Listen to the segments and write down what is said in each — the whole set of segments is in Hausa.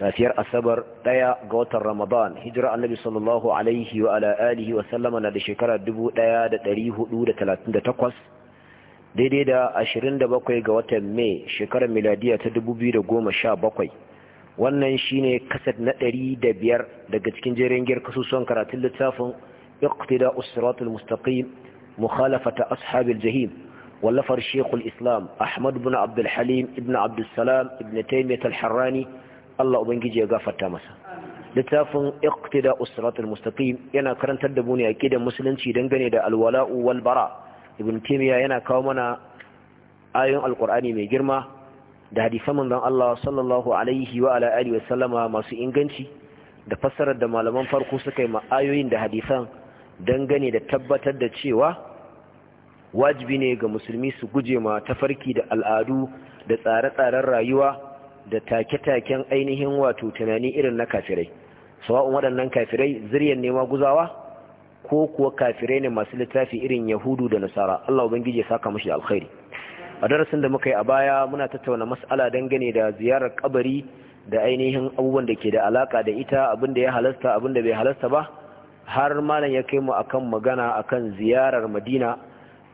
safiyar asabar daya ga watan ramadan hijira annabi sallallahu alaihi wa ala alihi wa sallama na da shekara 1438 daidai da 27 ga watan mai shekarar miladiya ta 2017 wannan shine kasat na 105 daga cikin jerin giyar kasusuwan karatun littafin iqtida usratul mustaqim mukhalafata ashabil jahim wallafar shekul islam ahmad ibn abdul halim ibn abdul salam ibn taymiyyah al-harrani Allah ubangiji ya gafarta masa littafin iqtida usratul mustaqim yana karantar da mu ne musulunci dangane da alwala'u wal bara ibn taymiya yana kawo mana ayoyin alqur'ani mai girma da hadisan manzon Allah sallallahu alaihi wa ala alihi wasallama masu inganci da fassarar da malaman farko suka yi ma ayoyin da hadisan dangane da tabbatar da cewa wajibi ne ga musulmi su guje ma tafarki da al'adu da tsare-tsaren rayuwa da take-taken ainihin wato tunani irin na kafirai sawa'un waɗannan kafirai zuriyar nema guzawa ko kuwa kafirai ne masu littafi irin yahudu da nasara Allah ubangiji ya saka mushi alkhairi a darasin da muka yi a baya muna tattauna mas'ala dangane da ziyarar kabari da ainihin abubuwan da ke da alaka da ita abin da ya halasta abin da bai halasta ba har malam ya kai mu akan magana akan ziyarar madina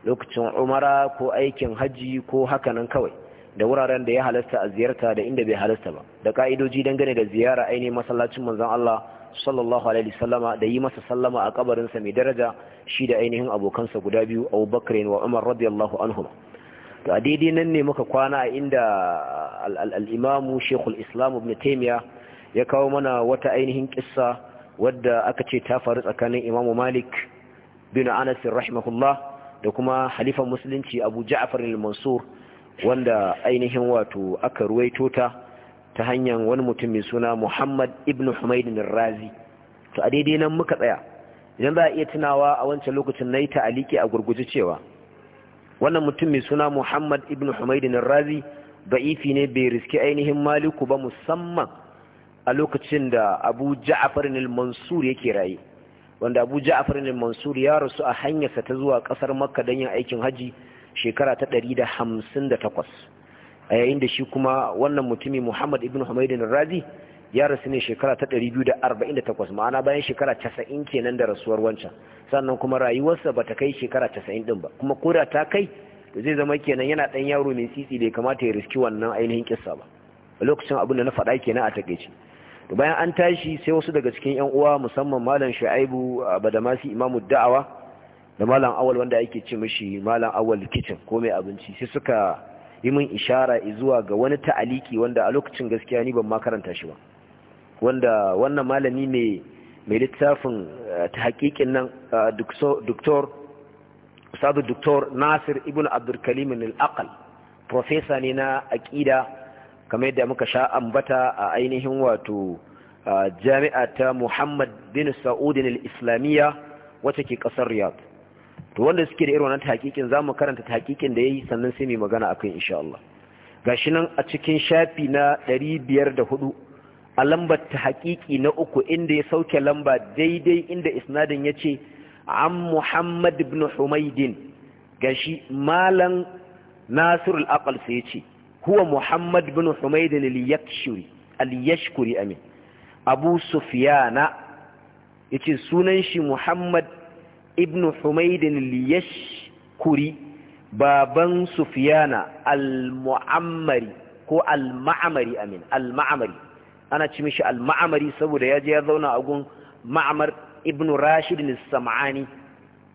lokacin umara ko aikin hajji ko hakanan kawai da wuraren da ya halasta a ziyarta da inda bai halasta ba da ka'idoji dangane da ziyara ainihin masallacin manzon Allah sallallahu alaihi da yi masa sallama a kabarinsa mai daraja shi da ainihin abokansa guda biyu Abu Bakr wa Umar radiyallahu anhum to a daidai nan ne muka kwana a inda al-Imam Sheikhul Islam Ibn Taymiyyah ya kawo mana wata ainihin kissa wadda aka ce ta faru tsakanin Imam Malik bin Anas rahimahullah da kuma halifan musulunci Abu Ja'far al-Mansur wanda ainihin wato aka ruwaito ta ta hanyar wani mutum mai suna Muhammad ibn Humaydin Razi to a daidai nan muka tsaya idan za a iya tunawa a wancan lokacin na yi ta'aliki a gurguje cewa wannan mutum mai suna Muhammad ibn Humaydin Razi ba'ifi ne bai riski ainihin Maliku ba musamman a lokacin da Abu Ja'far mansur yake raye wanda Abu Ja'far mansur ya rasu a hanyarsa ta zuwa ƙasar Makka don yin aikin haji shekara ta ɗari 158 a yayin da shi kuma wannan mutumin Muhammad ibn hamadin Razi ya rasu ne shekara ta ɗari biyu da 248 ma'ana bayan shekara casa'in kenan da rasuwar wancan sannan kuma rayuwarsa ba ta kai shekara casa'in din ba kuma koda ta kai zai zama kenan yana ɗan yaro mai tsitsi da kamata ya riski wannan ainihin kissa ba a lokacin abin da na faɗa kenan a takeici bayan an tashi sai wasu daga cikin yan uwa musamman malam Shu'aibu Badamasi imamu da'awa da malam awal wanda ake ci mishi malam awal kitchen ko mai abinci sai suka yi min ishara zuwa ga wani ta'aliki wanda a lokacin gaskiya ni ban ma shi ba wanda wannan malami mai mai littafin eh, ta hakikin nan eh, doktor sabu doktor nasir ibn abdulkalim al-aqal profesa ne na aƙida kamar yadda muka sha ambata a ainihin wato eh, jami'a ta muhammad bin sa'udin al-islamiyya wata ke ƙasar riyadh to wanda suke da irin wannan tahqiqin zamu karanta tahqiqin da yayi sannan sai mu magana akan insha Allah gashi nan a cikin shafi na 504 a lambar tahqiqi na uku inda ya sauke lamba daidai inda isnadin yace an Muhammad ibn Humaydin gashi malan Nasir al-Aqal sai yace huwa Muhammad ibn Humaydin al-Yakshuri al-Yashkuri amin Abu Sufyana yace sunan shi Muhammad ibn humaydin liyashkuri baban sufyana al-mu'ammari ko al-ma'amari amin al-ma'amari ana ci mishi al-ma'amari saboda ya je ya zauna a gun ma'amar ibn rashid al-sam'ani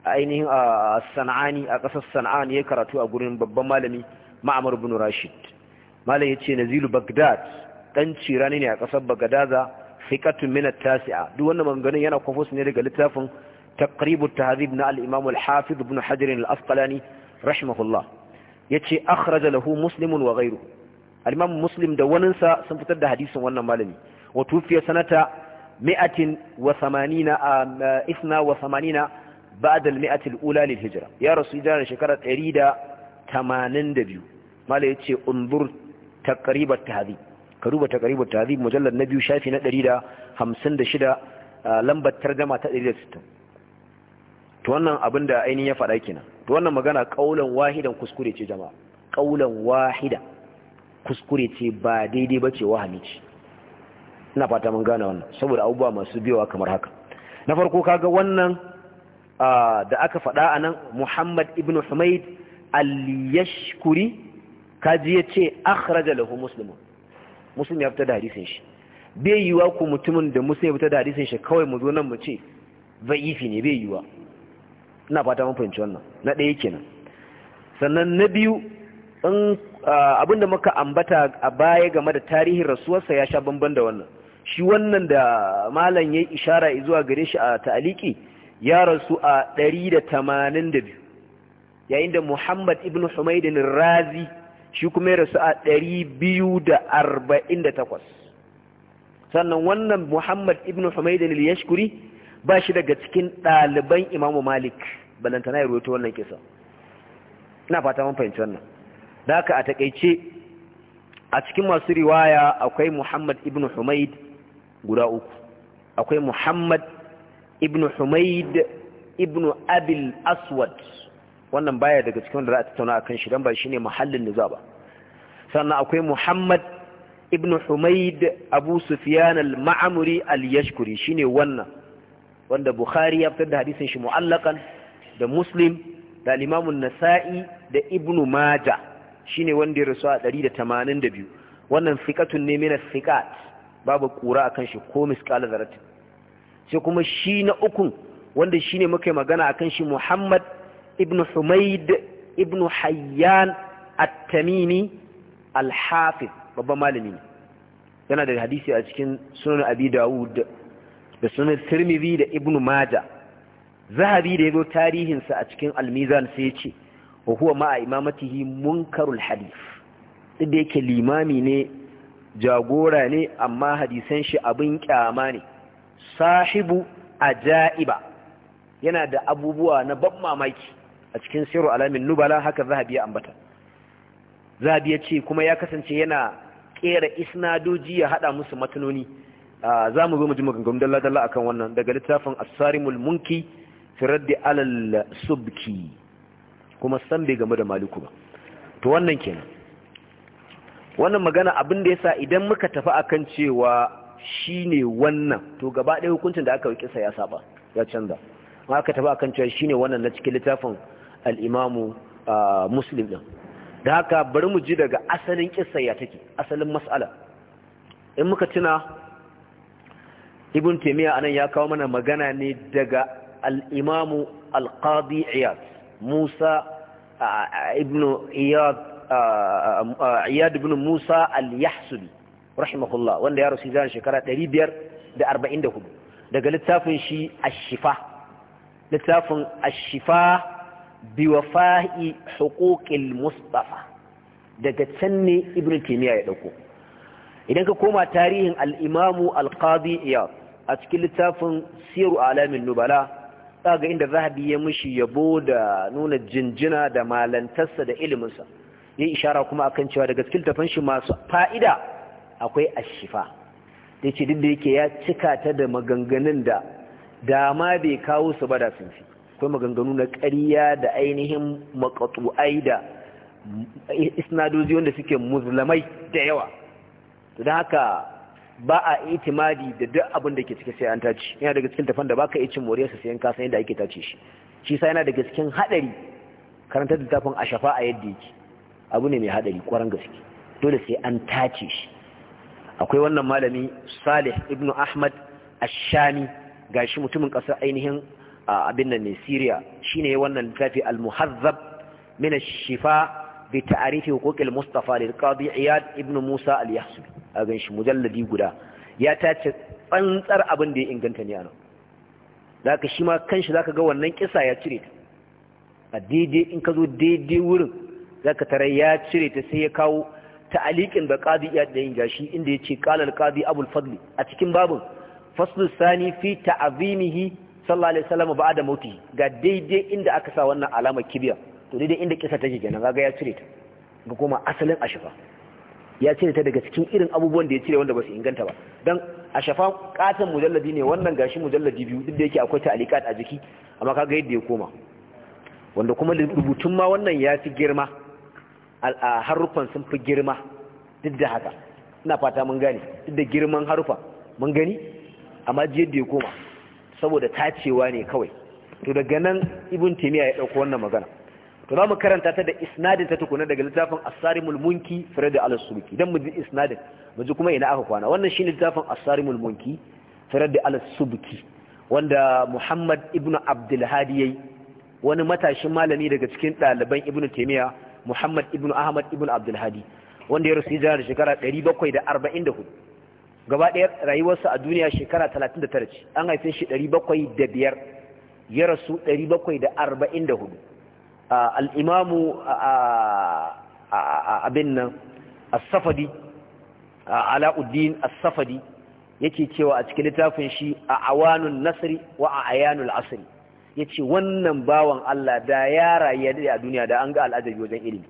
ainihin a san'ani a ƙasar Sanani ya karatu a gurin babban malami ma'amar ibn rashid malam ya ce nazilu bagdad ɗan cirani ne a ƙasar bagadaza fiƙatun minat tasi'a duk wannan maganganun yana kwafo ne daga littafin تقريب التهذيب نال الإمام الحافظ بن حجر الأسقلاني رحمه الله يتشي أخرج له مسلم وغيره الإمام مسلم دوننسى سنفتد حديث وانا مالني وتوفي سنة مئة وثمانين إثنى وثمانين بعد المئة الأولى للهجرة يا رسول الله شكرا تريد تمانين دبيو مالا يتشي انظر تقريب التهذيب كروب تقريب التهذيب مجلد نبيو شايفي نتريد همسند شدا لمبة ترجمة تقريد الستم to wannan abin da ainihin ya faɗa kenan to wannan magana kaulan wahidan kuskure ce jama'a kaulan wahida kuskure ce ba daidai ba ce wahami ce ina fata mun gane wannan saboda abubuwa masu biyawa kamar haka na farko kaga wannan da aka faɗa a nan muhammad ibn humaid al-yashkuri kaji ya ce akhraja lahu muslimun muslim ya fita da hadisin shi bai yiwa ku mutumin da musa ya fita da hadisin shi kawai mu zo nan mu ce za'ifi ne bai yiwa ina fata mun fahimci wannan na ɗaya kenan sannan na biyu in abinda muka ambata a baya game da tarihin rasuwarsa ya sha bamban da wannan shi wannan da malam yayi ishara zuwa gare shi a ta'aliki ya rasu a 182 yayin da Muhammad ibn Humayd razi shi kuma ya rasu a 248 sannan wannan Muhammad ibn Humayd al-Yashkuri ba shi daga cikin ɗaliban imamu Malik balantana ya ruwaito wannan kisa ina fata mun fahimci wannan da aka a takaice a cikin masu riwaya akwai Muhammad ibn Humaid guda uku akwai Muhammad ibn Humaid ibn Abil Aswad wannan baya daga cikin wanda za a tattauna kan shi don ba shi ne mahallin da za ba sannan akwai Muhammad ibn Humaid Abu Sufyan al maamuri al-Yashkuri ne wannan wanda Bukhari ya fitar da hadisin shi mu'allakan da muslim da limamun nasa'i da ibnu maja shine wanda ya rasu a 182 wannan fiqatun ne mina fiqat babu kura akan shi ko misqal zarati sai kuma shi na ukun wanda shine muka yi magana akan shi Muhammad ibn Humaid ibn Hayyan at-Tamimi al-Hafiz babban malami yana da hadisi a cikin sunan Abi Dawud da sunan Tirmidhi da Ibn Majah zahabi da ya zo tarihinsa a cikin almizan sai ya ce wa huwa ma'a imamatihi munkarul hadith inda yake limami ne jagora ne amma hadisan shi abin kyama ne sahibu ajaiba yana da abubuwa na ban mamaki a cikin siru alamin nubala haka zahabi ya ambata zahabi ya ce kuma ya kasance yana kera isnadoji ya hada musu matanoni ah, za mu zo mu ji maganganun dalla-dalla kan wannan daga littafin asarimul munki firaddi alal subki kuma san bai game da maliku ba to wannan kenan wannan magana abin da yasa idan muka tafi akan cewa shine wannan to gaba ɗaya hukuncin da aka yi kisa ya saba ya canza ma aka tafi akan cewa shine wannan na cikin littafin al-imamu muslim din da haka bari mu ji daga asalin kisa ya take asalin mas'ala in muka tuna ibn taymiya anan ya kawo mana magana ne daga al'imamu alƙadi iyad musa ibn iyad ibn musa al-yahsubi rahimahullah wanda ya rasu zan shekara 544 daga littafin shi ashifa littafin ashifa biwafa'i huquqil mustafa daga can ne ibn taymiya ya dauko idan ka koma tarihin al-imamu al a cikin littafin siru alamin nubala za ga inda zahabi ya mushi yabo da nuna jinjina da malantarsa da iliminsa ya ishara kuma akan cewa da cikin tafan shi masu fa'ida akwai ashifa da ce duk da yake ya cika ta da maganganun da dama bai kawo su ba da sun fi akwai maganganu na ƙarya da ainihin makatu'ai da isna'dozi, wanda suke musulmai da yawa to don haka ba a itimadi da duk abin da ke cike sai an tace yana daga cikin tafan da baka yi cin moriyarsa sai an kasa yadda ake tace shi shi sa yana daga cikin hadari karanta littafin a shafa a yadda yake abu ne mai hadari kwaran gaske dole sai an tace shi akwai wannan malami Salih ibn Ahmad Ash-Shami gashi mutumin kasar ainihin abin nan ne Syria shine wannan littafi Al-Muhazzab min ash-Shifa bi ta'rif huquq al-Mustafa lil-Qadi Iyad ibn Musa al-Yahsubi a gan shi mujalladi guda ya tace tsantsar abin da ya inganta ne a nan za ka shi ma kanshi za ka ga wannan kisa ya cire ta a daidai in ka zo daidai wurin za ka tara ya cire ta sai ya kawo ta'aliƙin da ƙadi ya yin gashi inda ya ce ƙalar ƙadi abul fadli a cikin babin faslu sani fi ta'azimihi sallallahu alaihi wasallam ba da mauti ga daidai inda aka sa wannan alamar kibiya to daidai inda kisa take kenan kaga ya cire ta ga kuma asalin ashifa ya ce ta daga cikin irin abubuwan da ya cire wanda ba su inganta ba don a shafa katon mujalladi ne wannan gashi mujalladi biyu duk da yake akwai ta'alikat a jiki amma kaga yadda ya koma wanda kuma rubutun ma wannan ya fi girma a haruffan sun fi girma duk da haka ina fata mun gane duk da girman harufa mun gani amma yadda ya koma saboda tacewa ne kawai to daga nan ibn timiya ya dauko wannan magana to za mu karanta ta da isnadin ta tukuna daga littafin asarimul munki fure da alasuruki don mu ji isnadin mu ji kuma ina aka kwana wannan shi littafin asarimul munki fure da alasuruki wanda muhammad ibnu abdulhadi yayi wani matashin malami daga cikin ɗaliban ibnu taimiyya muhammad ibnu ahmad ibnu abdulhadi wanda ya rasu hijira da shekara 744 gaba ɗaya rayuwarsa a duniya shekara 39 ce an haife shi 705 ya rasu 744 al'imamu abin nan as-safadi ala'uddin safadi yake cewa a cikin littafin shi a awanun nasri wa a ayanul asri ya ce wannan bawan Allah da ya rayu da a duniya da an ga al'ajabi wajen ilimi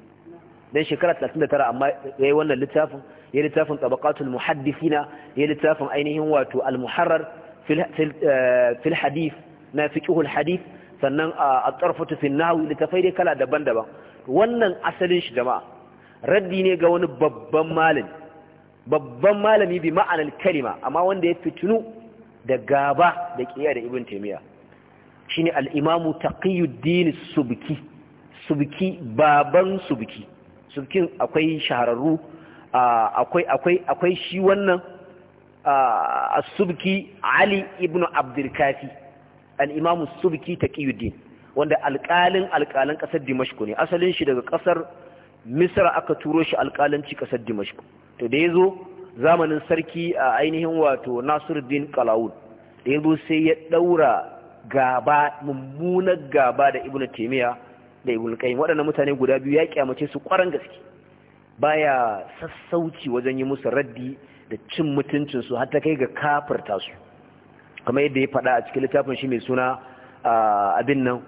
don shekara 39 amma ya yi wannan littafin ya yi littafin tabakatul muhaddifina ya yi littafin ainihin wato al-muharrar fil hadif na fiqhul hadif sannan a tsarfutu fi nahu littafai dai kala daban-daban wannan asalin shi jama'a raddi ne ga wani babban malami babban malami bi ma'anar kalima amma wanda ya fitinu da gaba da kiyaye da ibn taymiya shine al-imamu taqiyuddin subki subki baban subki subkin akwai shahararru akwai akwai akwai shi wannan as-subki ali ibn abdul al-imam ta taqiyuddin wanda alƙalin alƙalin ƙasar dimashku ne asalin shi daga ƙasar misra aka turo shi alƙalanci ƙasar dimashku to da ya zo zamanin sarki a ainihin wato nasiruddin kalawun da ya zo sai ya ɗaura gaba mummunar gaba da Ibn taymiya da ibnu qayyim waɗannan mutane guda biyu ya kyamace su ƙwaran gaske baya sassauci wajen yi musu raddi da cin mutuncinsu har ta kai ga kafirta su kamar yadda ya faɗa a cikin littafin shi mai suna abin nan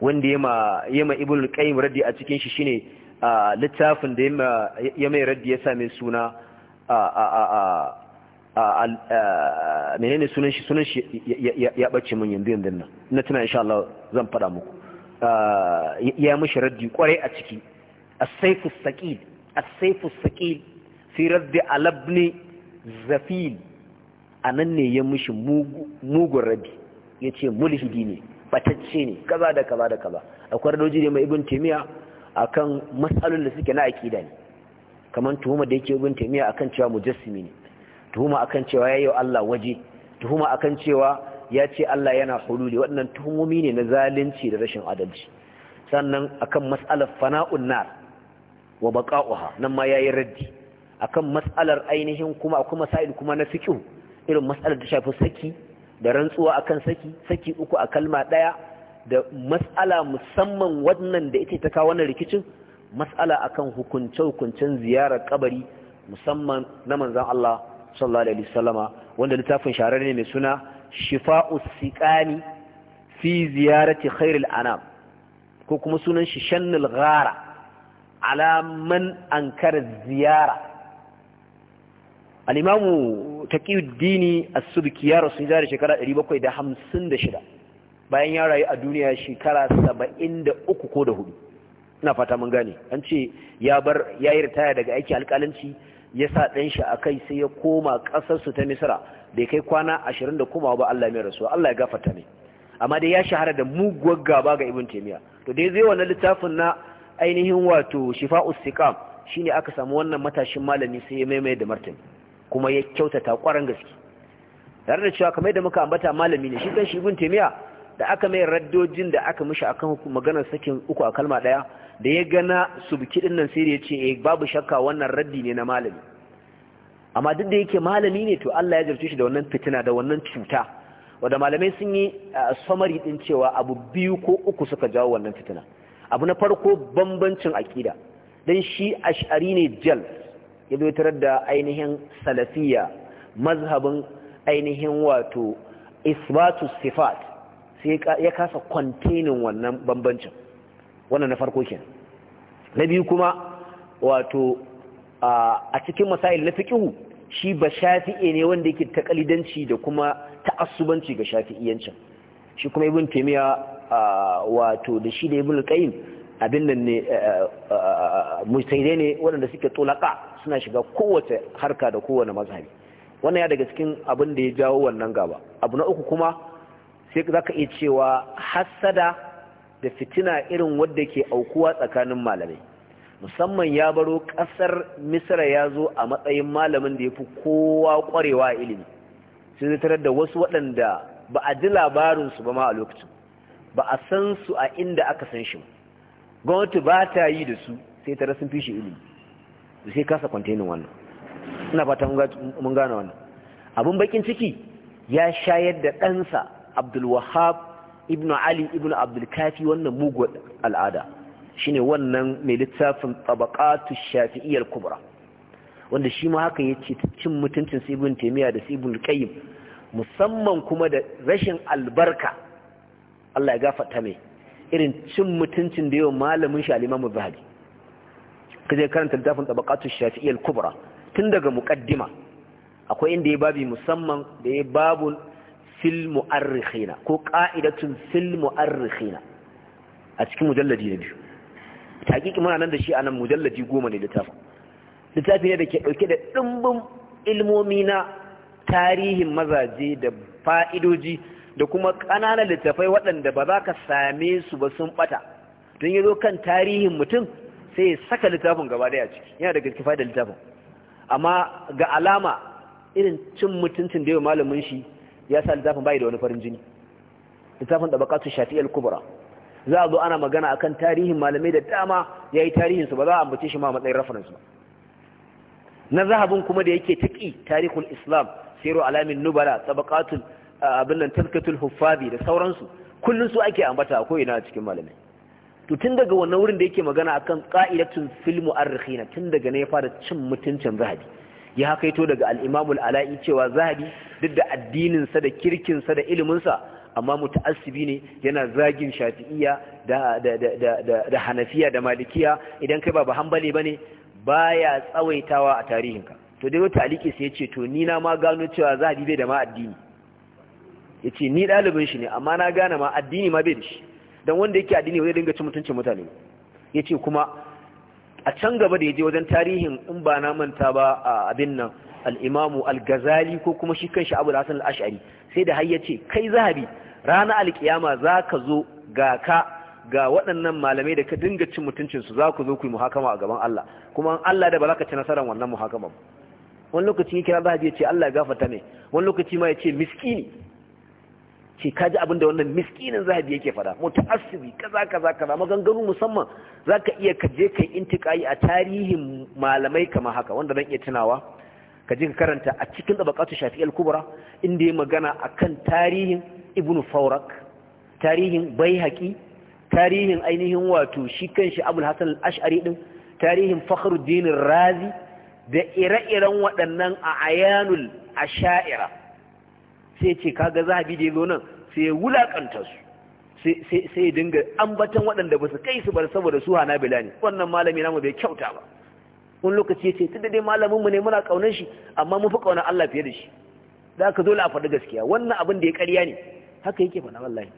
wanda ya ma ibn qayyim raddi a cikin shi shine littafin da ya mai raddi ya sa mai suna menene sunan shi sunan shi ya bace mun yanzu yanzu nan ina tuna insha Allah zan faɗa muku ya mishi raddi kwarai a ciki as-sayfus saqil as-sayfus saqil fi raddi alabni zafil a nan ne ya mushi mugun rabi ya ce mulhidi ne batacce ne kaza da kaza da kaza akwai radoji ne mai ibn taimiyya akan matsalolin da suke na akida ne kamar tuhuma da yake ibn taimiyya akan cewa mujassimi ne tuhuma akan cewa ya yi Allah waje tuhuma akan cewa ya ce Allah yana hululi waɗannan tuhumomi ne na zalunci da rashin adalci sannan akan matsalar fana'un nar wa baqa'uha nan ma yayi raddi akan matsalar ainihin kuma akwai masail kuma na fiqh irin matsalar da shafi saki da rantsuwa akan saki saki uku a kalma ɗaya da matsala musamman wannan da ita ta kawo wannan rikicin matsala akan hukunce-hukuncen ziyarar kabari musamman na manzan Allah sallallahu alaihi wasallama wanda littafin sharar ne mai suna shifa'us siqani fi ziyarati khairil anam ko kuma sunan shi shannul ghara alaman man ankara ziyara al'imamu ta dini a subki ya rasu da shekara 756 bayan ya rayu a duniya shekara 73 ko da hudu ina fata mun gane an ce ya bar ya yi ritaya daga aiki alkalanci ya sa ɗan shi a kai sai ya koma ƙasarsu ta misira bai kai kwana 20 da komawa ba Allah mai rasuwa Allah ya gafata ne amma dai ya shahara da muguwar gaba ga ibn taymiya to dai zai wannan littafin na ainihin wato shifa ustiqam shine aka samu wannan matashin malami sai ya maimaita da martani kuma ya kyautata kwaran gaske tare da cewa kamar da muka ambata malami ne shi kanshi ibn taymiya da aka mai raddojin da aka mishi akan maganar sakin uku a kalma ɗaya da ya gana subki din nan sai ya ce eh babu shakka wannan raddi ne na malami amma duk da yake malami ne to Allah ya jarce shi da wannan fitina da wannan cuta wanda malamai sun yi summary din cewa abu biyu ko uku suka jawo wannan fitina abu na farko bambancin akida dan shi ash'ari ne jal ya zo tarar da ainihin salafiya mazhabin ainihin wato isbatu sifat sai ya kasa kwantenin wannan bambancin wannan na farko kenan na biyu kuma wato a cikin masail na fiƙihu, shi ba shafi'e ne wanda yake takalidanci da kuma ta'assubanci ga shafi'iyancin shi kuma ibn taymiya wato da shi da ibn qayyim abin nan ne eh, eh, eh, mutane ne waɗanda suke tulaka suna shiga kowace harka da kowane mazhabi wannan ya daga cikin abin da ya jawo wannan gaba abu na uku kuma sai za ka iya cewa hassada da fitina irin wadda ke aukuwa tsakanin malamai musamman ya baro ƙasar misira ya zo a matsayin malamin da ya fi kowa ƙwarewa ilimi sai zai da wasu waɗanda ba a ji labarinsu ba ma a lokacin ba a san su a inda aka san shi ba gwamnati ba ta yi da su sai ta sun fi shi ilimi sai kasa kwantainin wannan ina fata mun gane wannan abin bakin ciki ya shayar da ɗansa abdulwahab ibn ali ibn abdulkafi wannan mugu al'ada shine wannan mai littafin tabaqatu shafi'iyar kubra wanda shi ma haka ya ta cin mutuncin su ibn da su ibn musamman kuma da rashin albarka Allah ya gafata mai irin cin mutuncin da yawan malamin shi al bihari ka kaje karanta littafin Tabaqatu shafi'iyar kubra tun daga muƙaddima akwai inda ya babi musamman da ya babu fil rikina ko ƙa'idatun fil rikina a cikin mujallaji na biyu hakiki muna nan da shi a nan mujallaji goma ne littafin littafi ne da ke ɗauke da ɗimbin ilmomi na tarihin mazaje da fa'idoji da kuma ƙananan littafai waɗanda ba za ka same su ba sun ɓata don yi kan tarihin mutum sai ya saka littafin gaba daya ciki yana da cikin da littafin amma ga alama irin cin mutuncin da yau malamin shi ya sa littafin bai da wani farin jini littafin da bakatu shafi'al kubra za a zo ana magana akan tarihin malamai da dama ya yi tarihinsu ba za a ambace shi ma matsayin reference ba na zahabin kuma da yake taƙi tarihul islam siru alamin nubala tabaqatul abin nan tazkatul huffazi da sauransu kullun su ake ambata ko ina a cikin malamai to tun daga wannan wurin da yake magana akan qa'idatun fil mu'arrikhina tun daga ne ya fara cin mutuncin zahabi ya hakaito daga al-imamu al-ala'i cewa zahabi duk da addinin sa da kirkin sa da ilimin sa amma muta'assibi ne yana zagin shafi'iyya da da da da hanafiya da malikiya idan kai ba ba hanbali bane baya tsawaitawa a tarihinka to dai wata aliki sai ya ce to ni na ma gano cewa zahabi bai da ma addini ya ce ni ɗalibin shi ne amma na gane ma addini ma bai da shi don wanda yake addini wajen dinga ci mutuncin mutane ya ce kuma a can gaba da ya je wajen tarihin in ba na manta ba a abin nan al'imamu al-gazali ko kuma shi kan sha'abu da hasan al'ashari sai da hayya ce kai zahabi rana alƙiyama za ka zo ga ka ga waɗannan malamai da ka dinga cin mutuncinsu za ku zo ku yi muhakama a gaban Allah kuma Allah da ba za ka ci nasarar wannan muhakama wani lokaci ya kira zahabi ya ce Allah ya gafarta ne wani lokaci ma ya ce miskini ce kaji abinda wannan miskinin zahabi yake fada ta'assubi kaza kaza kaza maganganu musamman zaka iya kaje kai intiqai a tarihin malamai kamar haka wanda zan iya tunawa kaje ka karanta a cikin tabaqatu shafi'i al-kubra inda ya magana akan tarihin ibnu Faurak, tarihin baihaqi tarihin ainihin wato shi kanshi abul hasan al-ash'ari din tarihin fakhruddin razi da ire-iren waɗannan a ayanul asha'ira sai ce kaga zahabi da ya zo nan sai ya wulakanta su sai ya dinga ambatan waɗanda ba su kai su bar saboda su hana bila ne wannan malami namu bai kyauta ba wani lokaci ya ce tun da dai malamin mu ne muna ƙaunar shi amma mun fi ƙaunar Allah fiye da shi za ka dole a faɗi gaskiya wannan abin da ya karya ne haka yake faɗa wallahi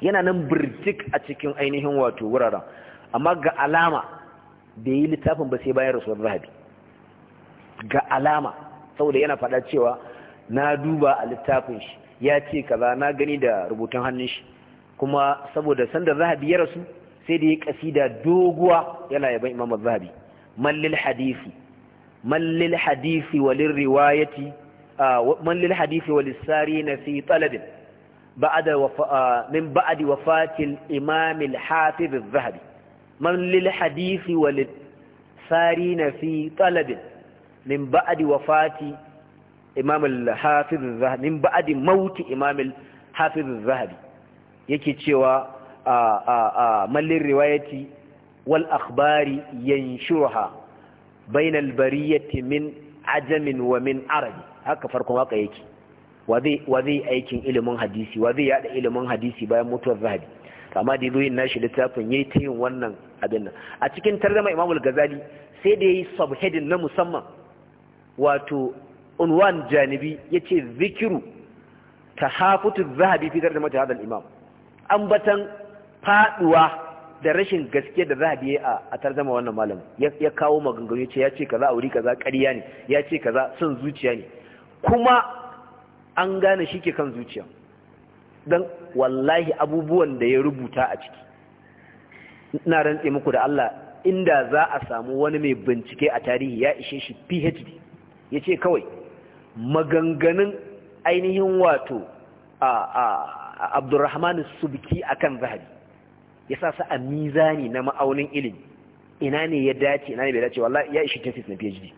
yana nan birtik a cikin ainihin wato wuraren amma ga alama bai yi littafin ba sai bayan rasuwar rahabi ga alama saboda yana faɗa cewa na duba a littafin shi ya ce kaza na gani da rubutun hannun shi kuma saboda sanda zahabi ya rasu sai da ya kasida doguwa yana yaban imam zahabi mallil hadisi mallil hadisi walil riwayati mallil hadisi walil sari na fi talabin min بعد وفا من بعد وفاة الإمام الحافظ الذهبي من للحديث وللسارين في طلب من بعد وفاة imam al-hafiz az-zahabi min ba'di maut imam al-hafiz az-zahabi yake cewa a a a mallin riwayati wal akhbari yanshurha bayna al-bariyati min ajamin wa min arabi haka farkon waka yake wa zai aikin ilimin hadisi wa zai yada ilimin hadisi bayan mutuwar zahabi amma da yin nashi littafin yayi ta yin wannan abin nan a cikin tarjuma imamul gazali sai da yayi subheading na musamman wato unwan janibi yace zikiru tahafutu zahabi fitar da mata hadal imam ambatan faduwa da rashin gaskiya da zahabi a a tarjuma wannan malam ya kawo maganganu yace yace kaza auri kaza ƙarya ne yace kaza son zuciya ne kuma an gane shi ke kan zuciya dan wallahi abubuwan da ya rubuta a ciki ina rantse muku da Allah inda za a samu wani mai bincike a tarihi ya ishe shi PhD yace kawai maganganun ainihin wato a abdurrahman subki akan zahabi ya sa su a mizani na ma'aunin ilimi ina ne ya dace ina ne bai dace wallah ya ishi tesis na PhD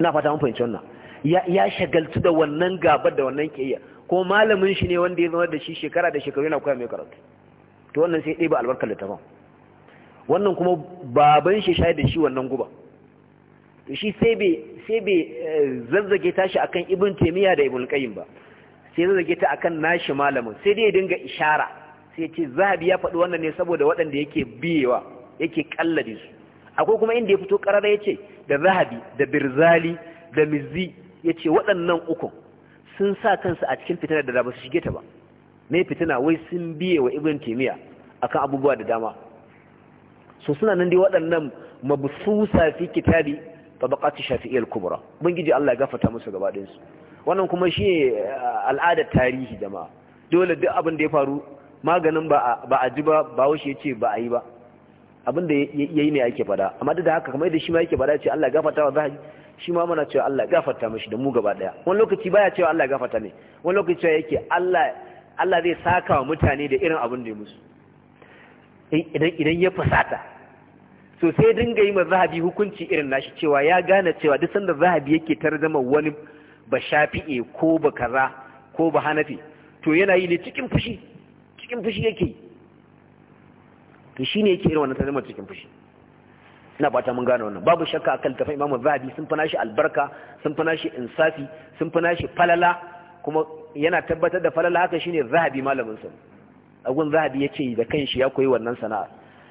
ina fata mun fahimci wannan ya shagaltu da wannan gabar da wannan kiyayya ko malamin shi ne wanda ya zama da shi shekara da shekaru yana koya mai karatu to wannan sai ba albarkar littafin wannan kuma baban shi shayar da shi wannan guba shi sai bai sai bai eh, zazzage tashi akan ibn taymiya da ibn qayyim ba sai zazzage ta akan nashi malamin sai dai ya dinga ishara sai ce zahabi ya faɗi wannan ne saboda waɗanda yake biyewa yake kallade su akwai kuma inda ya fito ya yace da zahabi da birzali da mizzi yace waɗannan uku sun sa kansu a cikin fitina da ba su shige ta ba me fitina wai sun biye wa ibn taymiya akan abubuwa da dama so suna nan dai waɗannan mabususa fi kitabi tabaqati shafi'iyyal kubra ubangiji Allah ya gafarta musu gaba ɗayan wannan kuma shi al'ada tarihi jama'a dole duk abin da ya faru maganin ba a ji ba ba ya ce ba a yi ba abin da ya yi ne ake fada amma duk da haka kamar yadda shi ma yake fada ce Allah gafarta wa zahabi shi ma muna cewa Allah gafarta mishi da mu gaba daya wani lokaci baya cewa Allah gafarta ne wani lokaci cewa yake Allah Allah zai saka wa mutane da irin abin da ya musu eh, idan idan ya fasata so sai dinga yi ma zahabi hukunci irin nashi cewa ya gane cewa duk sanda zahabi yake zama wani ba shafi'e ko ba kaza ko ba hanafi to yana yi ne cikin fushi cikin fushi yake to shine yake irin wannan tarzama cikin fushi ina fata mun gane wannan babu shakka akan tafai imamu zahabi sun fana shi albarka sun fana shi insafi sun fana shi falala kuma yana tabbatar da falala haka shine zahabi malamin sa agun zahabi yace da kanshi ya koyi wannan sana'a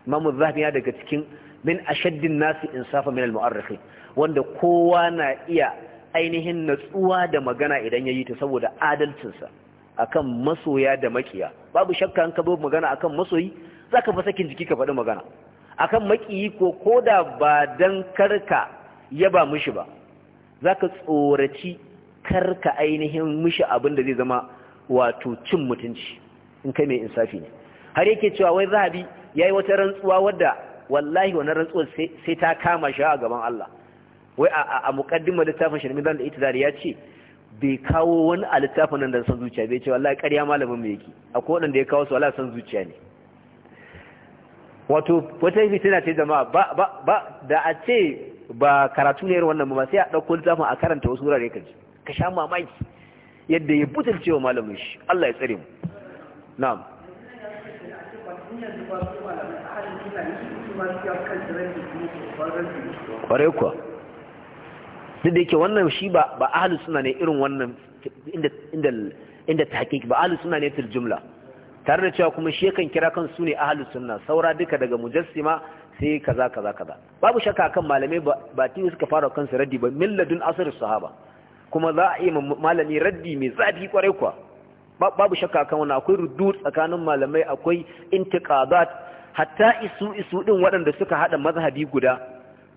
imamu zahabi ya daga cikin min ashaddin nasi insafa min al muarrikh wanda kowa na iya ainihin natsuwa da magana idan yayi ta saboda adalcinsa akan masoya da makiya babu shakka an kabo magana akan masoyi zaka fa sakin jiki ka faɗi magana akan makiyi ko koda ba dan karka yaba mishi ba zaka tsoraci karka ainihin mishi abin da zai zama wato cin mutunci in kai mai insafi ne har yake cewa wai zahabi yayi wata rantsuwa wadda wallahi wannan rantsuwar sai ta kama shi a gaban Allah wai a muqaddimar littafin dan da itidar ya ce bai kawo wani a littafin nan da san zuciya bai ce wallahi ƙarya malamin mai yake akwai da ya kawo su wallahi san zuciya ne wato wata fitina ce jama'a ba ba ba da a ce ba karatu ne wannan ba sai a ɗauko littafin a karanta wasu wurare kan ka sha mamaki yadda ya butulce wa malamin shi Allah ya tsare mu na'am ƙwarai kuwa duk da yake wannan shi ba ba ahli suna ne irin wannan inda inda inda tahqiq ba ahli suna ne fil jumla tare da cewa kuma shi yakan kira kan su ne ahli sunna saura duka daga mujassima sai kaza kaza kaza babu shakka kan malamai ba tiyo suka fara su raddi ba milladun asr sahaba kuma za a yi malami raddi mai zafi kwarai kuwa babu shakka kan wannan akwai rudud tsakanin malamai akwai intiqadat hatta isu isu din waɗanda suka haɗa mazhabi guda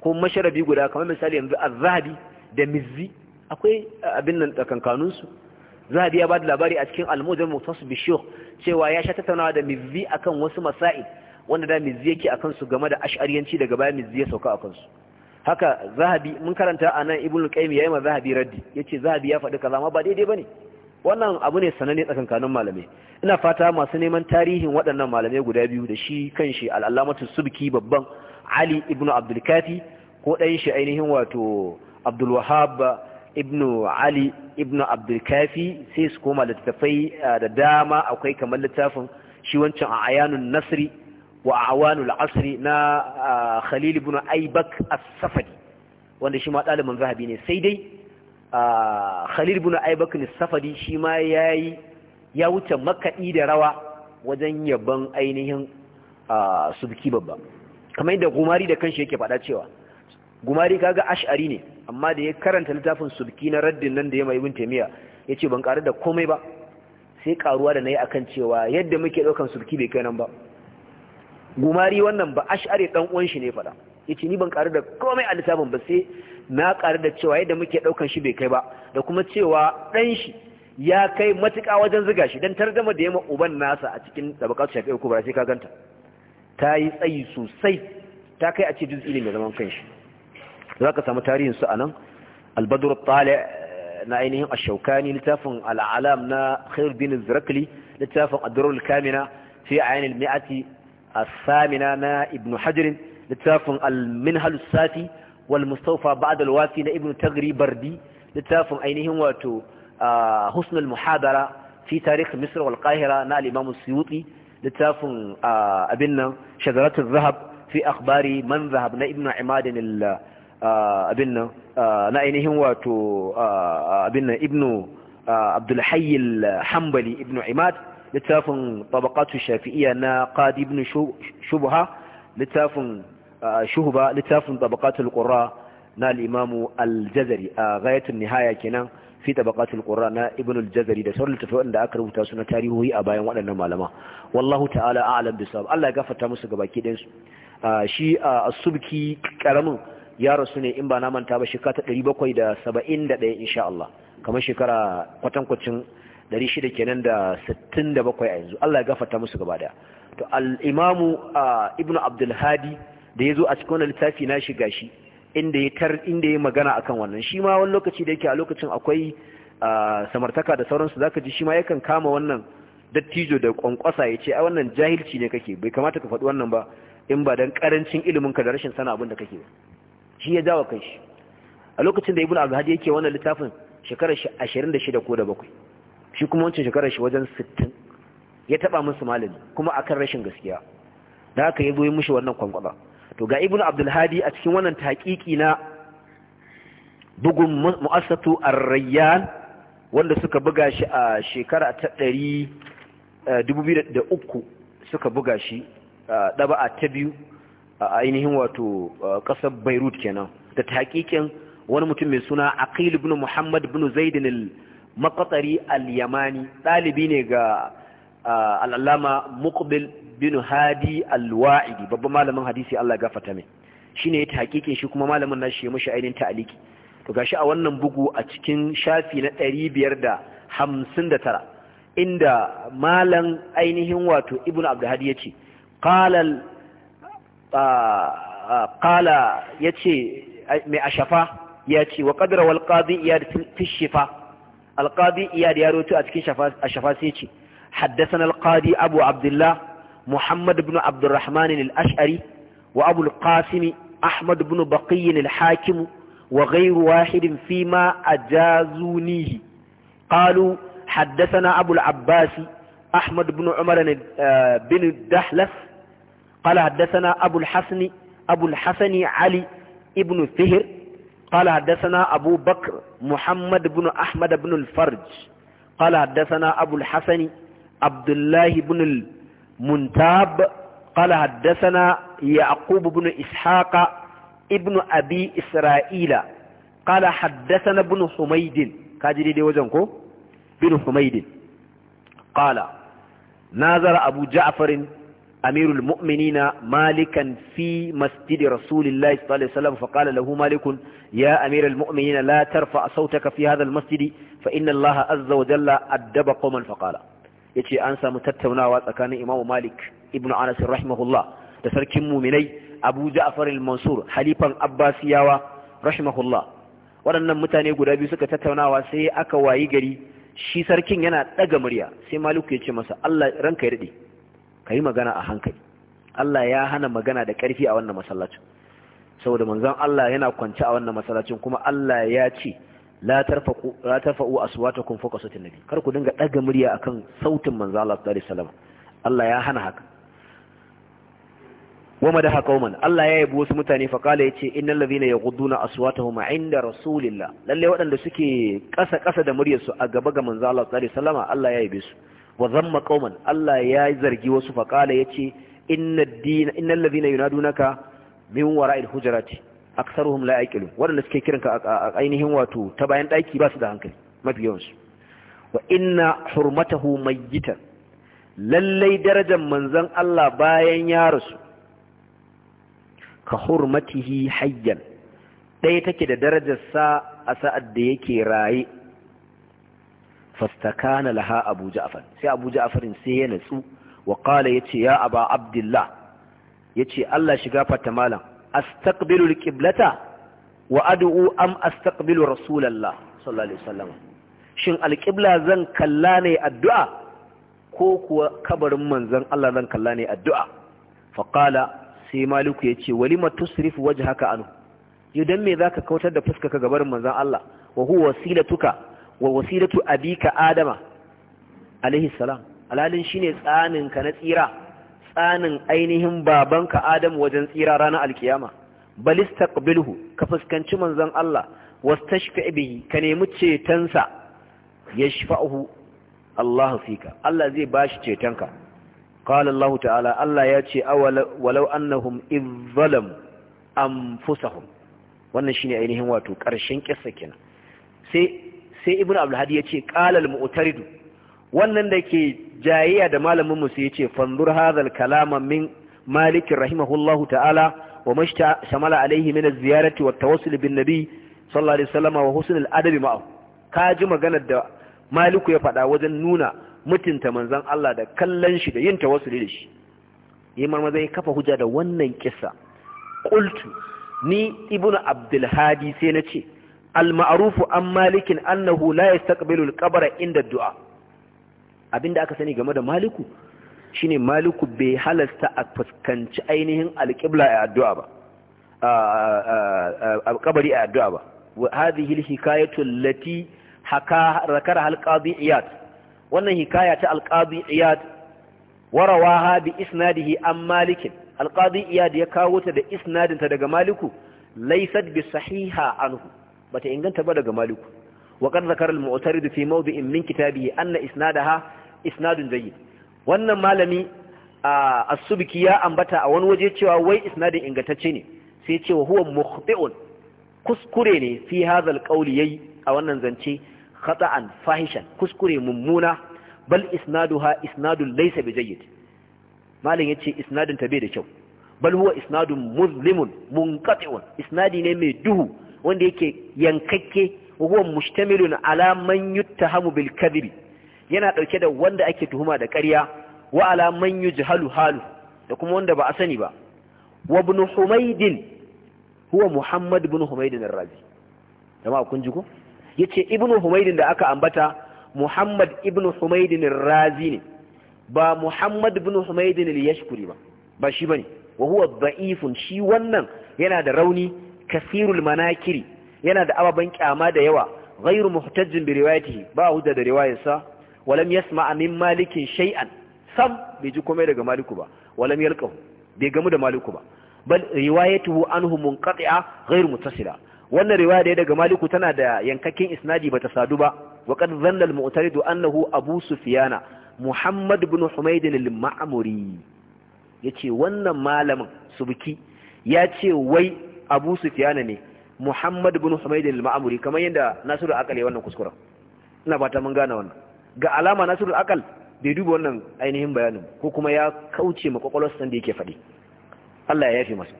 ko masharabi guda kamar misali yanzu az-zahabi da mizzi akwai abin nan tsakankanin su zahabi ya bada labari a cikin al-mujam mutasab cewa ya sha tattaunawa da mizzi akan wasu masail wanda da mizzi yake akan su game da ash'ariyanci daga baya mizzi ya sauka akan su haka zahabi mun karanta a anan ibnu qayyim yayi ma zahabi raddi yace zahabi ya faɗi kaza amma ba daidai bane wannan abu ne sananne tsakankanin malamai ina fata masu neman tarihin waɗannan malamai guda biyu da shi kanshi al'alamatu subki babban ali ibn kafi ko ɗan shi ainihin wato abdulwahab ibn ali ibn kafi sai su koma littattafai da dama akwai kamar littafin shi wancan a ayanun nasri wa awanul asri na khalil ibn aibak as-safadi wanda shi ma ɗalibin zahabi ne sai dai khalil bin aibakin safadi shi ma yayi ya wuce makaɗi da rawa wajen yabon ainihin subki babba kamar yadda gumari da kanshi yake fada cewa gumari kaga ash'ari ne amma da ya karanta littafin subki na raddin nan da ya mai ibn taymiya yace ban karu da komai ba sai karuwa da nayi akan cewa yadda muke daukan subki bai kai nan ba gumari wannan ba ash'ari dan uwan shi ne faɗa yace ni ban karu da komai a littafin ba sai na karu da cewa yadda muke ɗaukan shi bai kai ba da kuma cewa ɗan shi ya kai matuƙa wajen ziga shi dan tarjama da yamma uban nasa a cikin tabaqat shafi ko ba sai ka ganta ta yi tsayi sosai ta kai a ce juz'i ne zaman kanshi zaka samu tarihin su a nan badr al na ainihin ash-shawkani littafin al-alam na khair bin az littafin ad kamina sai a al-mi'ati samina na Ibn Hajar لتافن المنهل الساتي والمستوفى بعد الوافي لابن تغري بردي لتافن أينهم واتو آه، حسن المحاضرة في تاريخ مصر والقاهرة نا الإمام السيوطي لتافن آه، أبن شجرة الذهب في أخبار من ذهب لابن عماد آه، أبن نا أينهم واتو أبن ابن عبد الحي الحنبلي ابن عماد لتافن طبقات الشافعية نا قاد ابن شبهة شو littafin shuhuba littafin tabaqatul qurra na al-imamu al-jazari a ghayatul nihaya kenan fi tabaqatul qurra na ibn al-jazari da sauran littafin da aka rubuta su na tarihohi a bayan waɗannan malama wallahu ta'ala a'lam bisawab Allah ya gafarta musu gabaki ɗayan su shi as-subki karamin ya rasu ne in ba na manta ba shekara ta 771 insha Allah kamar shekara kwatankwacin dari shida kenan da sittin da bakwai a yanzu Allah ya gafarta musu gaba daya to al-imamu ibnu abdul hadi da yazo a cikin littafi na shiga shi inda ya tar inda ya magana akan wannan shi ma wani lokaci da yake a lokacin akwai samartaka da sauransu zaka ji shi ma yakan kama wannan dattijo da kwankwasa ya ce ai wannan jahilci ne kake bai kamata ka faɗi wannan ba in ba dan karancin ilimin ka da rashin sana abin da kake ba shi ya dawo kai shi a lokacin da ibnu abdul hadi yake wannan littafin shekarar 26 ko da bakwai shi kuma wancan shekarar shi wajen sittin ya taba musu malami kuma akan rashin gaskiya da haka ya zo yi mushi wannan kwankwaba to ga ibnu abdul hadi a cikin wannan taqiqi na bugun mu'assatu ar-rayyan wanda suka buga shi a shekara ta 2003 eh, suka buga shi daba'a eh, ta biyu a ainihin wato kasar eh, Beirut kenan da taqiqin wani mutum mai suna Aqil ibn Muhammad ibn Zaid al maqatari al-yamani ɗalibi ne ga al'allama muqbil bin hadi al-wa'idi babban malamin hadisi Allah gafarta mai shine ta hakikin shi kuma malamin na ya mashi ainihin ta'aliki to gashi a wannan bugu a cikin shafi na ɗari biyar da 559 inda malam ainihin wato ibnu abdulhadi ce ƙala ya ce mai ashafa ce wa qadra wal iya da fi shifa alqadi iyad ya a cikin shafa sai ce haddathana abu abdullah muhammad ibn abdurrahman al-ash'ari wa abu al-qasim ahmad baqi al-hakim wa ghayr wahid fima ajazunihi qalu حدثنا أبو العباس أحمد بن عمر بن الدحلف قال حدثنا أبو الحسن أبو الحسن علي ابن قال حدثنا أبو بكر محمد بن أحمد بن الفرج قال حدثنا أبو الحسن عبد الله بن المنتاب قال حدثنا يعقوب بن إسحاق ابن أبي إسرائيل قال حدثنا ابن حميد كاجري دي وجنكو بن حميد قال ناظر أبو جعفر amirul mu'minina malikan fi masjidi rasulillahi sallallahu alaihi wasallam fa qala lahu malikun ya amiral mu'minina la tarfa sautaka fi hadha almasjid fa inna allaha azza wa jalla addaba qauman fa qala yace an samu tattaunawa tsakanin imam malik ibnu anas rahimahullah da sarkin mu'minai abu ja'far al-mansur halifan abbasiyawa rahimahullah waɗannan mutane guda biyu suka tattaunawa sai aka wayi gari shi sarkin yana ɗaga murya sai maliku ya ce masa Allah ranka ya daɗe ka yi magana a hankali Allah ya hana magana da ƙarfi a wannan masallacin saboda manzon Allah yana kwance a wannan masallacin kuma Allah ya ce la tarfaqu la tarfa'u aswatakum fawqa sawti nabi kar ku dinga daga murya akan sautin manzon Allah sallallahu alaihi wasallam Allah ya hana haka wa madaha qauman Allah ya yabo wasu mutane fa kala yace innal ladhina yaghudduna aswatahum 'inda rasulillah lalle waɗanda suke kasa kasa da muryarsu a gaba ga manzon Allah sallallahu alaihi wasallam Allah ya yabe su wa zamma qauman Allah ya zargi wasu fa ya yace inna din innal ladina yunadunaka min wara'il hujurati aktharuhum la yaqilun wadanda suke kiranka ainihin wato ta bayan daki ba su da hankali mafi yawansu wa inna hurmatahu mayyitan lallai darajar manzon Allah bayan ya rasu ka hurmatihi hayyan ɗaya take da darajar sa a sa'ad da yake raye fastakana laha abu ja'far sai abu ja'farin sai ya natsu wa ya yace ya aba abdullah ce Allah shiga fata malam astaqbilu alqiblata wa ad'u am astaqbilu rasulallah sallallahu alaihi wasallam shin alqibla zan kalla ne addu'a ko kuwa kabarin manzon Allah zan kalla ne addu'a fa sai maliku yace walima tusrifu wajhaka anhu yadan me zaka kautar da fuskarka gabarin manzon Allah wa huwa wasilatuka wa wasilatu abika adama alaihi salam alhalin shine tsanin ka na tsira tsanin ainihin babanka adamu wajen tsira ranar alkiyama balistaqbilhu ka fuskanci manzon Allah wastashfi bihi ka nemi cetonsa yashfa'uhu Allah fika Allah zai bashi cetonka qala Allah ta'ala Allah ya ce walau annahum idh zalamu anfusahum wannan shine ainihin wato ƙarshen kissa kenan sai sai ibn abdulhadi ya ce ƙalal mu'taridu wannan da ke jayayya da malamin mu ya yace fanzur hadhal kalama min malikin rahimahullahu ta'ala wa mashta shamala alaihi min ziyarati wa tawassul bin nabi sallallahu alaihi wasallam wa husn al adabi ma'a ka ji maganar da maliku ya faɗa wajen nuna mutunta manzon Allah da kallon shi da yin tawassuli da shi yi marmaza ya kafa hujja da wannan kisa. qultu ni ibnu Abdulhadi sai na ce al ma'arufu an malikin annahu la yastaqbilu al inda du'a abinda aka sani game da maliku shine maliku bai halasta a fuskanci ainihin al a addu'a ba a kabari a addu'a ba hadhihi al-hikayatu allati haka zakara al-qadi iyad wannan hikaya ta al-qadi iyad warawaha bi isnadihi an malikin al-qadi iyad ya kawo ta da isnadinta daga maliku laysat bi sahiha anhu bata inganta ba daga maliku wa qad zakara al-mu'tarid fi mawdi'in min kitabihi anna isnadaha isnadun jayyid wannan malami as-subki ya ambata a wani waje cewa wai isnadin ingantacce ne sai ce wa huwa mukhti'un kuskure ne fi hadha al-qawli yayi a wannan zance khata'an fahishan kuskure mummuna bal isnaduha isnadun laysa bijayyid malam yace isnadin ta bai da kyau bal huwa isnadun muzlimun munqati'un isnadi ne mai duhu wanda yake yankakke huwa mustamilun ala man yuttahamu bil kadhib yana dauke da wanda ake tuhuma da ƙarya wa ala man yujhalu halu da kuma wanda ba a sani ba wa ibn humaydin huwa muhammad ibn humaydin ar-razi jama'a kun ji ko yace ibn humaydin da aka ambata muhammad ibn humaydin ar-razi ne ba muhammad ibn humaydin al-yashkuri ba ba shi bane wa huwa da'ifun shi wannan yana da rauni kasirul manakiri yana da ababen kyama da yawa ghairu muhtajjin bi riwayatihi ba hujja da riwayarsa walam yasma min malikin shay'an sam bai ji komai daga maliku ba walam yalqahu bai gamu da maliku ba bal riwayatuhu anhu munqati'a ghairu muttasila wannan riwaya da daga maliku tana da yankakken isnadi bata sadu ba wa qad dhanna al-mu'taridu annahu abu sufyana muhammad ibn humayd al-ma'muri yace wannan malamin subki ya ce wai abu sufiyana ne Muhammadu bin humaid al-ma'muri kamar yadda nasiru akal ya wannan kuskuren ina bata mun gane wannan ga alama nasiru akal bai duba wannan ainihin bayanin ko kuma ya kauce ma kwakwalwarsa sanda yake faɗi Allah ya yafe masa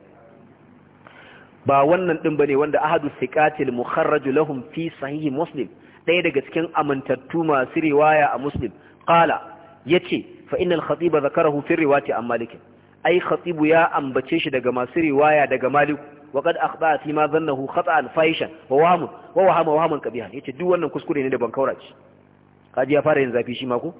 ba wannan din ne wanda ahadu sikatil muharraju lahum fi sahihi muslim ɗaya daga cikin amintattu masu riwaya a muslim qala ce. fa innal khatiba zakarahu fi riwati an malik ai khatibu ya ambace shi daga masu riwaya daga maliku ma وقد أخطأ فيما ظنه wa wa ووهم ووهم kabiha Ya ce duk wannan kuskure ne da ban kaurace kaji ya fara yin zafi shi mako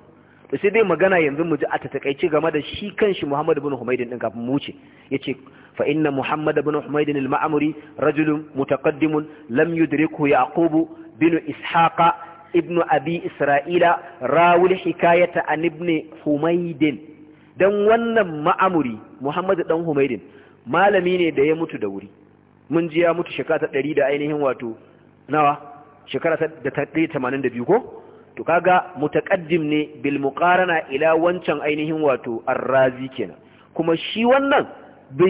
da sai dai magana yanzu mu ji a takaice game da shi shi shi bin humaidin din kafin mu wuce ce fa inna Muhammadu bin humaidin al-Ma'muri rajulun mutaqaddimun lam yudrikhu Yaqubu, bin Ishaqa ibnu Abi Isra'ila rawul hikayata an ibn humaidin dan wannan ma'amuri Muhammadu dan humaidin malami ne da ya mutu da wuri mun ji ya mutu shekara ta ɗari da ainihin wato nawa shekara ta ɗari tamanin da biyu ko to kaga mutaƙaddim ne bil muƙarana ila wancan ainihin wato arrazi kenan kuma shi wannan ba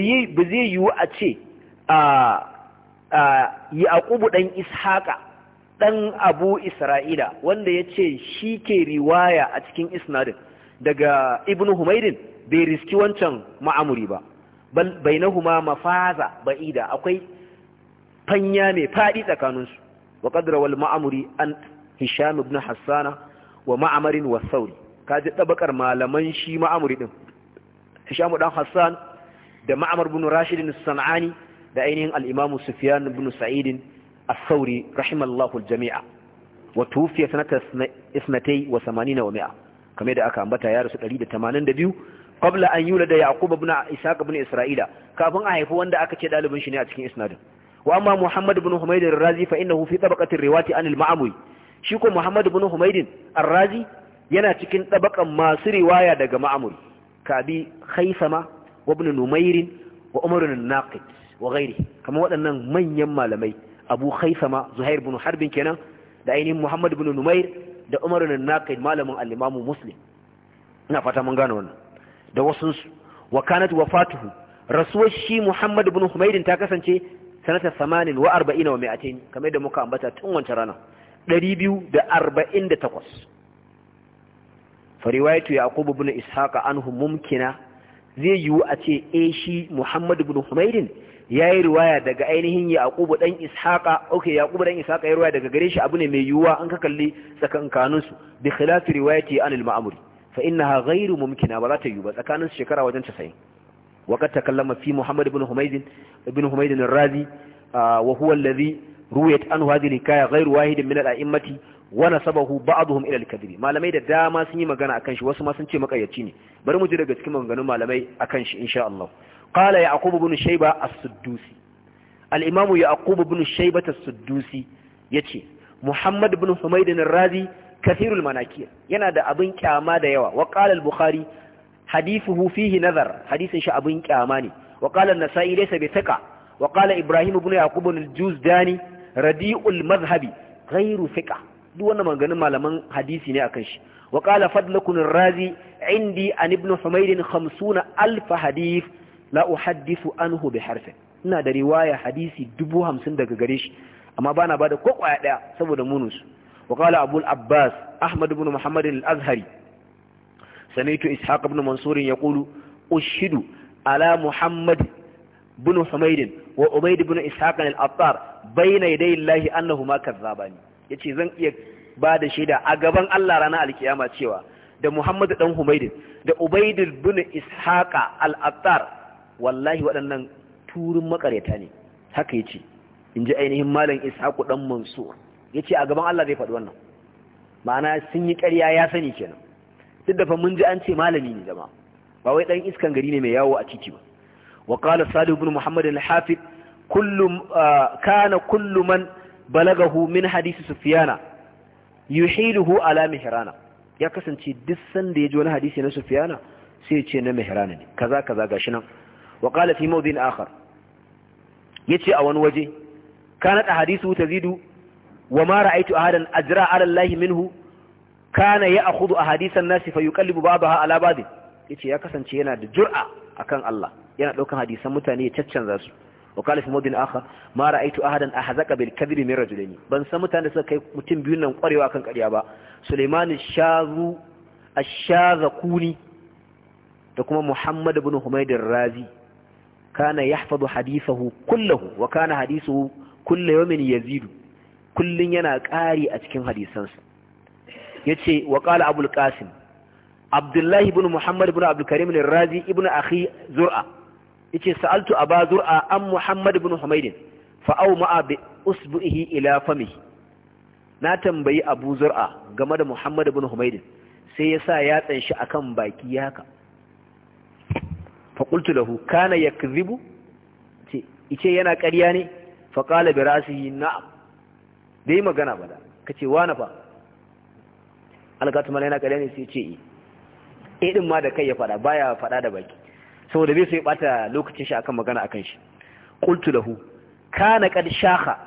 zai yiwu a ce a yi akubu ɗan ishaƙa ɗan abu isra'ila wanda ya ce shi ke riwaya a cikin isnadin daga ibn humaidin bai riski wancan ma'amuri ba bal bainahuma mafaza ba'ida akwai fanya mai faɗi tsakaninsu. su wa qadra wal ma'muri an hisham ibn hassana wa ma'amarin wa sauri Ka ji tabakar malaman shi ma'amuri din hisham dan hassan da ma'amar bin rashid as da ainihin al-imam sufyan ibn sa'id as-sauri rahimallahu al-jami'a wa tufiya sanata 82 wa 100 kamar da aka ambata ya rasu 182 qabla an yulada yaqub ibn ishaq ibn isra'ila kafin a haifi wanda aka ce dalibin shi ne a cikin isnadin wa amma muhammad ibn humayd ar-razi fa innahu fi tabaqati riwati an al-ma'muri shi ko muhammad ibn humayd ar-razi yana cikin tabakan masu riwaya daga ma'muri kabi khaisama wa ibn numayr wa umar naqid wa ghairi kamar waɗannan manyan malamai abu khaisama zuhair ibn harbin kenan da ainihin muhammad ibn numayr da umar an-naqid malamin al-imamu muslim ina fata mun gane wannan da wasunsu wa kanat wafatuhu rasuwar shi Muhammad ibn Humaydin ta kasance sanata 48 wa 200 kamar da muka ambata tun wancan rana biyu da da arba'in takwas. fa riwayatu yaqub ibn ishaq anhu mumkina zai yiwu a ce e shi Muhammad ibn Humaydin yi riwaya daga ainihin ya yaqub dan Ok ya yaqub dan ishaq ya riwaya daga gare shi abu ne mai yiwuwa an ka kalli tsakankanin su bi khilafi riwayati anil ma'muri fa innaha ghairu mumkina ba za ta yi ba tsakanin shekara wajen 90 وقد تكلم في محمد بن حميد بن حميد الرازي وهو الذي رويت عنه هذه الحكاية غير واحد من الأئمة ونسبه بعضهم إلى الكذب ما لم يدد ما سني مغانا أكنش وسما سنتي مكايتيني bari mu ji daga cikin maganganun malamai akan shi insha Allah qala yaqub ibn shayba as-suddusi al-imam yaqub ibn shayba as-suddusi yace muhammad bin humayd ar kathirul manakir yana da abin kyama da yawa wa bukhari hadithuhu fihi nazar hadisin shi abin kyama ne wa qala an-nasa'i laysa bi thiqa wa ibrahim ibn yaqub al-juzdani radi'ul madhhabi ghayru thiqa duk wannan maganganun malaman hadisi ne akan shi wa qala fadlakun ar-razi indi an ibn humayd 50 alf hadith la uhaddithu anhu bi harfin ina da riwaya hadisi hamsin daga gare shi amma bana bada ko kwaya ɗaya saboda munus وقال أبو العباس أحمد بن محمد الأزهري سمعت إسحاق بن منصور يقول أشهد على محمد بن حميد وأبيد بن إسحاق الأطار بين يدي الله أنهما كذابان yace zan iya ba da shaida a gaban Allah rana alkiyama cewa da Muhammad dan Humaydin da Ubayd ibn Ishaqa al-Attar wallahi waɗannan turun makareta ne haka yace inji ainihin malam Ishaqu ɗan Mansur Ya ce a gaban Allah zai faɗi wannan ma'ana sun yi ƙarya ya sani kenan duk da fa mun ji an ce malami ne jama'a ba wai dan iskan gari ne mai yawo a ciki ba wa qala salih ibn muhammad al-hafiz kullu ah, kana kullu man balagahu min hadith sufyana yuhiluhu ala mihrana ya kasance duk sanda ya ji wani hadisi na sufyana sai ya ce na mihrana ne kaza kaza gashi nan wa qala fi mawdin akhar yace a wani waje kana da hadisu tazidu wa ma ra'aytu ahadan ajra ala Allah minhu kana ya'khudhu ahadisan nasi fayuqallibu ba'daha ala ba'd yace ya kasance yana da jur'a akan Allah yana ɗaukan hadisan mutane ya caccanza su wa qala fi mudin akha ma ra'aytu ahadan ahzaka bil kadhib min rajulaini ban san mutane suka kai mutum biyun nan kwarewa kan ƙarya ba Sulaiman ash-Shazu ash da kuma Muhammad ibn Humayd ar-Razi kana yahfazu hadithahu kullahu wa kana hadithuhu kullu yawmin yazidu kullun yana ƙari a cikin hadisansu yace wa qala abul abdullahi ibn muhammad ibn abdul al-razi ibn akhi zur'a yace sa'altu aba zur'a an muhammad ibn humayd fa ma'a bi usbuhi ila na tambayi abu zur'a game da muhammad ibn humayd sai ya sa yatsan shi akan baki haka fa qultu lahu kana yakdhibu yace yana ƙarya ne fa qala bi ra'sihi na'am bai magana ba da ka ce wane fa alkatu mala yana ƙarya ne sai ce e ɗin ma da kai ya fada baya fada da baki saboda bai so ya ɓata lokacin shi akan magana akan shi qultu lahu kana qad shaha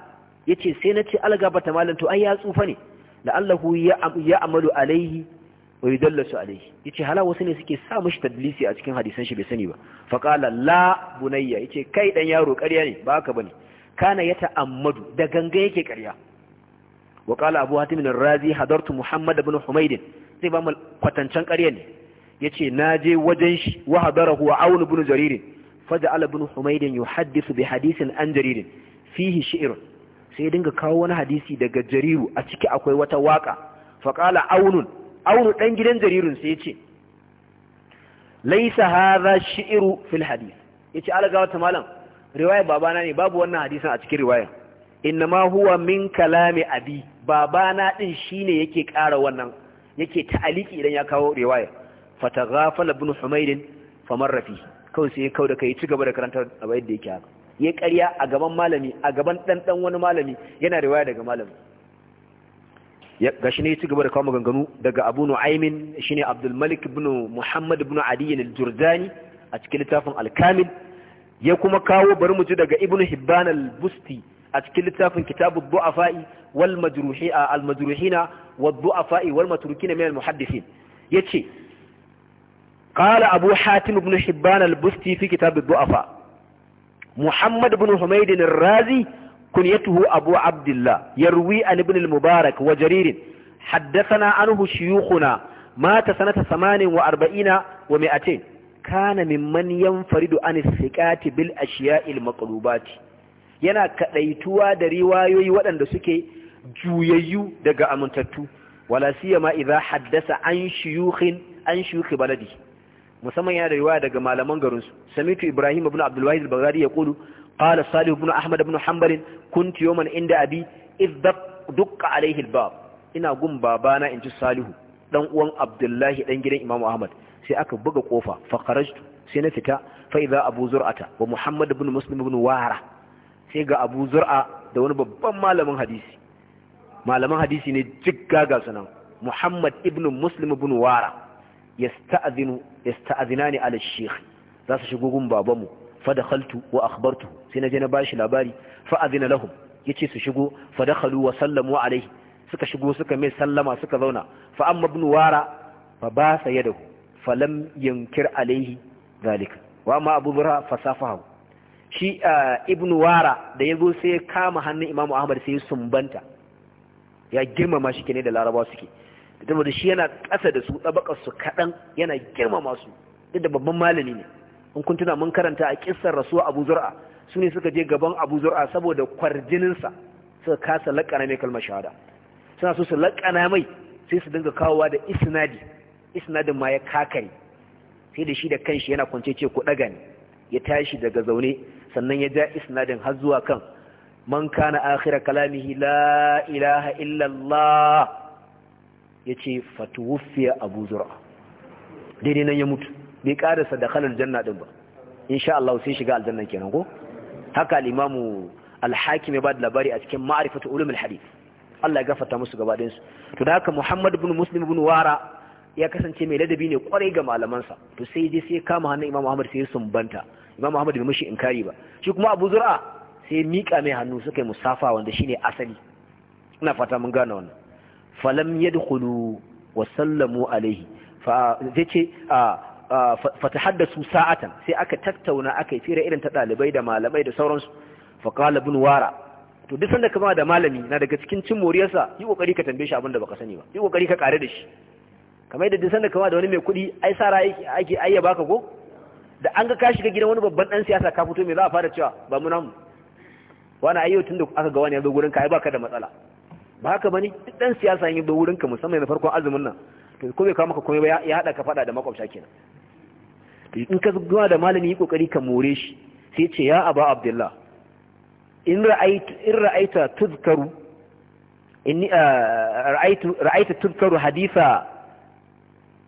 yace sai na ce algaba ta malam to ai ya tsufa ne allahu ya amalu alaihi wa yudallasu alaihi yace hala wasu ne suke sa mishi tadlisi a cikin hadisan shi bai sani ba fa qala la bunayya yace kai dan yaro ƙarya ne ba ne. bane kana yata Amadu, da ganga yake ƙarya wa qala abu hatim ar-razi hadartu muhammad ibn humayd sai ba mu kwatancan ƙarya ne yace naje wajen shi wa hadarahu aun ibn jarir faja'al ibn humayd yuhaddithu bi hadithin an jarir fihi shi'r sai dinga kawo wani hadisi daga jariru a ciki akwai wata waka fa qala aunun aunu dan gidan jarirun sai yace laisa hadha shi'ru fil hadith yace alaga wata malam riwaya babana ne babu wannan hadisin a cikin riwaya inma huwa min kalami abi babana din shine yake ƙara wannan yake ta'aliki idan ya kawo riwaya fataghafala ibn humayd famarra fi kawai sai kawai da kai ci gaba da karanta abu yadda yake haka ya ƙarya a gaban malami a gaban dan dan wani malami yana riwaya daga malami gashi ne ci gaba da kawo maganganu daga Abu Nu'aymin shine Abdul Malik ibn Muhammad ibn Adi al-Jurdani a cikin littafin Al-Kamil ya kuma kawo bari mu ji daga Ibn Hibban al-Busti a cikin littafin kitabun du'afa'i wal majruhi al majruhina wa du'afa'i wal matrukina min al yace qala abu hatim ibn hibban al busti fi kitab al du'afa muhammad ibn humayd al razi kunyatuhu abu abdullah yarwi an ibn al mubarak wa jarir haddathana anhu shuyukhuna mata sanata 48 wa 200 kana mimman faridu an istiqati bil ashiya'il maqlubati yana kadaituwa da riwayoyi waɗanda suke juyayyu daga amintattu wala siyama idza haddasa an shuyukhin an shuyukhi baladi musamman yana da riwaya daga malaman garin su samitu ibrahim ibn abdul wahid al-baghdadi yaqulu qala salih ibn ahmad ibn hanbal kuntu yawman inda abi idh dukka alaihi al-bab ina gun babana inji salihu dan uwan abdullahi dan gidan imam ahmad sai aka buga kofa fa kharajtu sai na fita fa idza abu zur'ata wa muhammad ibn muslim ibn wara sai ga abu zur'a da wani babban malamin hadisi malaman hadisi ne jigga su nan muhammad ibn muslim ibn wara yasta'zinu yasta'zinani ala shaykh za su shigo gun babanmu fa haltu wa akhbartuhu sai na je na bashi labari fa lahu. Ya ce su shigo fa dakhalu wa sallamu alaihi suka shigo suka mai sallama suka zauna fa amma ibn wara fa ba sayadahu falam yankir alaihi zalika wa ma abu burha fasafahu shi ibn wara da ya zo sai ya kama hannun imamu ahmad sai ya sumbanta ya girmama shi ne da laraba suke Da tabbata shi yana kasa da su ɗabakar su kaɗan yana girmama su duk da babban malami ne in kun tuna mun karanta a kissar rasuwa abu zur'a su ne suka je gaban abu zur'a saboda kwarjininsa suka kasa laƙana mai kalmar shahada suna so su laƙana mai sai su dinga kawowa da isnadi isnadin ma ya kakari. sai da shi da kanshi yana kwance ce ku ɗaga ne ya tashi daga zaune sannan ya ja isnadin har zuwa kan man kana akhira kalamihi la ilaha illallah yace fatuwfiya abu zur'a daidai nan ya mutu bai karasa da khalal janna din ba insha Allah sai shiga aljanna kenan ko haka al-imamu al-hakim ya bada labari a cikin ma'rifatu ulum al-hadith Allah ya gafarta musu gaba ɗayansu to da haka Muhammad ibn Muslim ibn Wara ya kasance mai ladabi ne kwarai ga malaman sa. to sai dai sai kama hannun Imam muhammad sai ya sumbanta imam Muhammad bai in inkari ba shi kuma Abu Zur'a sai mika mai hannu suka yi musafa wanda shine asali ina fata mun gane wannan falam yadkhulu wa sallamu alaihi fa zace fatahaddasu sa'atan sai aka tattauna aka yi fira irin ta dalibai da malamai da sauransu fa qala ibn wara to duk sanda kama da malami na daga cikin cin moriyarsa yi kokari ka tambaye shi abin da baka sani ba yi kokari ka kare da shi kamar yadda duk sanda kama da wani mai kuɗi ai sara yake ai ya baka ko da an ga ka shiga gidan wani babban dan siyasa ka fito me za a fara cewa ba mu namu wani ayyo tun da aka ga wani ya zo gurin ka ai baka da matsala ba haka bane duk dan siyasa yin zo gurin ka musamman na farkon azumin nan to ko bai kawo maka komai ba ya hada ka fada da makwabta kenan to in ka zuwa da malami yi kokari ka more shi sai ce ya aba abdullah in ra'aytu in ra'aita tuzkaru inni ra'aitu ra'aita tuzkaru haditha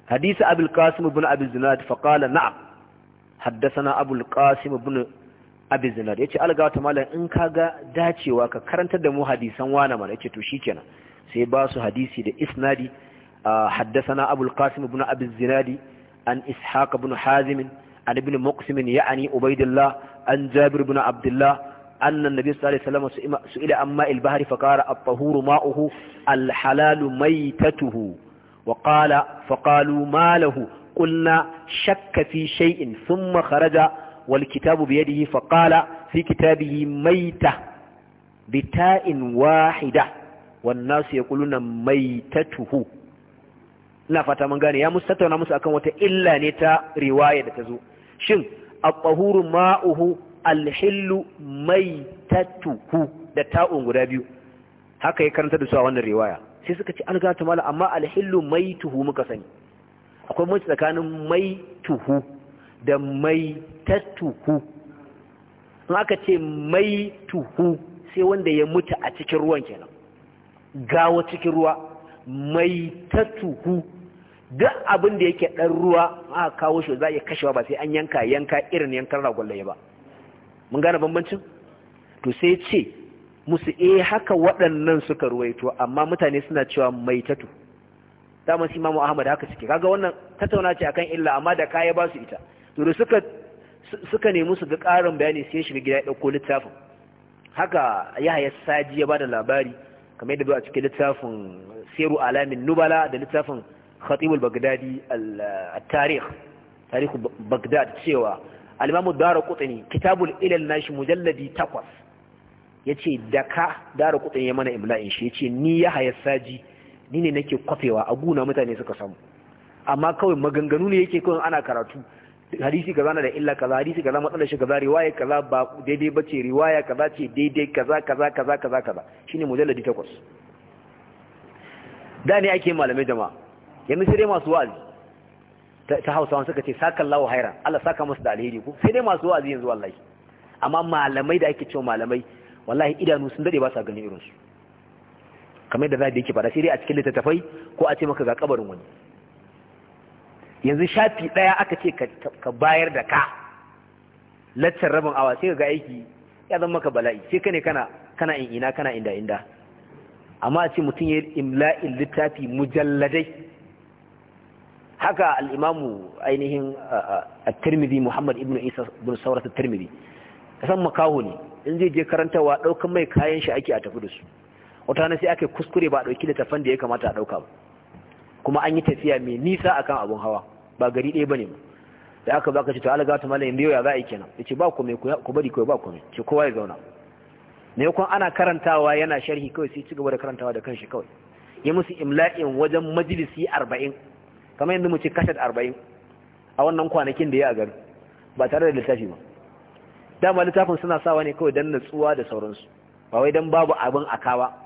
haditha abul qasim ibn abul zinad fa qala na'am haddasana abul qasim ibn abi zinad yace alga ta malam in kaga dacewa ka karantar da mu hadisan wana mana yace to shikenan sai ba su hadisi da isnadi haddasana abul qasim ibn abi zinad an ishaq ibn hazim an ibn muqsim ya'ni ubaidillah an jabir ibn abdullah أن النبي صلى الله عليه وسلم سئل عن ماء البحر فقال الطهور ماؤه الحلال ميتته وقال فقالوا ما له قلنا شك في شيء ثم خرج والكتاب بيده فقال في كتابه ميتة بتاء واحدة والناس يقولون ميتته ina fata mun gane ya musu tattauna musu akan wata illa ne ta riwaya da ta zo shin at-tahuru ma'uhu al-hillu maitatuhu da ta'un guda biyu haka ya karanta da su a wannan riwaya sai suka ce an gata mala amma al-hillu maituhu muka sani akwai mace tsakanin mai tuhu da mai tattuhu in aka ce mai tuhu sai wanda ya mutu a cikin ruwan kenan gawa cikin ruwa mai tattuhu duk abin da yake ɗan ruwa aka kawo shi za a iya kashewa ba sai an yanka yanka irin yankan ragwallaye ba mun gane bambancin to sai ce musu eh haka waɗannan suka ruwaito amma mutane suna cewa mai tattuhu daman su mamu ahmad haka suke kaga wannan tattauna ce akan illa amma da kaya ba su ita to da suka suka nemi su ga karin bayani sai shiga gida ya dauko littafin haka yahaya saji ya bada labari kamar yadda a cikin littafin siru alamin nubala da littafin khatibul bagdadi al-tarikh tarikh bagdad cewa al-imamu darqutni kitabul ilal nashi mujalladi 8 yace daka darqutni ya mana imla'in shi yace ni yahaya saji ni ne nake kwafewa a guna mutane suka samu amma kawai maganganu ne yake kawai ana karatu hadisi kaza na da illa kaza hadisi kaza matsalar shi kaza riwaya kaza ba daidai bace riwaya kaza ce daidai kaza kaza kaza kaza kaza shine mujalladi takwas da ne ake malamai jama'a yanzu sai dai masu wa'azi ta hausa wani suka ce sakallahu hairan Allah saka musu da alheri ko sai dai masu wa'azi yanzu wallahi amma malamai da ake cewa malamai wallahi idanu sun dade ba sa ganin irinsu kamar da zabi yake fada sai dai a cikin littattafai ko a ce maka ga kabarin wani yanzu shafi daya aka ce ka bayar da ka laccar rabin awa sai ga aiki ya zama maka bala'i sai ka ne kana in ina kana inda inda amma a ce mutum ya imla'in littafi mujalladai haka al'imamu ainihin a tirmidhi muhammad ibn isa bin saurat tirmidhi kasan makaho ne in zai je karantawa ɗaukan mai kayan shi ake a tafi da su wata na sai aka kuskure ba a ɗauki littafan da ya kamata a ɗauka ba kuma an yi tafiya mai nisa akan abun hawa ba gari ɗaya bane da aka baka ce to alaga ta malam yau ya za a yi kenan yace ba ku ku bari ku ba ku ce kowa ya zauna ne kun ana karantawa yana sharhi kawai sai ci gaba da karantawa da kanshi kawai yi musu imla'in wajen majalisi arba'in kamar yanzu mu ce kashat arba'in a wannan kwanakin da ya gari ba tare da littafi ba dama littafin suna sawa ne kawai don natsuwa da sauransu ba wai don babu abin akawa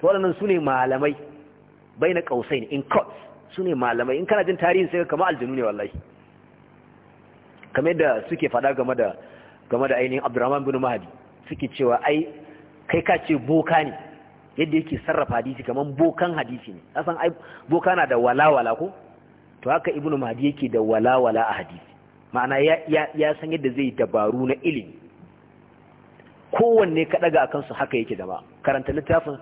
to waɗannan su ne malamai bai na ƙausai in court su ne malamai in kana jin tarihin sai kama aljanu ne wallahi kamar yadda suke faɗa game da game da ainihin abdurrahman bin mahadi suke cewa ai kai ka ce boka ne yadda yake sarrafa hadisi kamar bokan hadisi ne asan ai boka na da walawala ko to haka ibnu mahadi yake da walawala a hadisi ma'ana ya san yadda zai dabaru na ilimi kowanne ka daga akan su haka yake da ba karanta littafin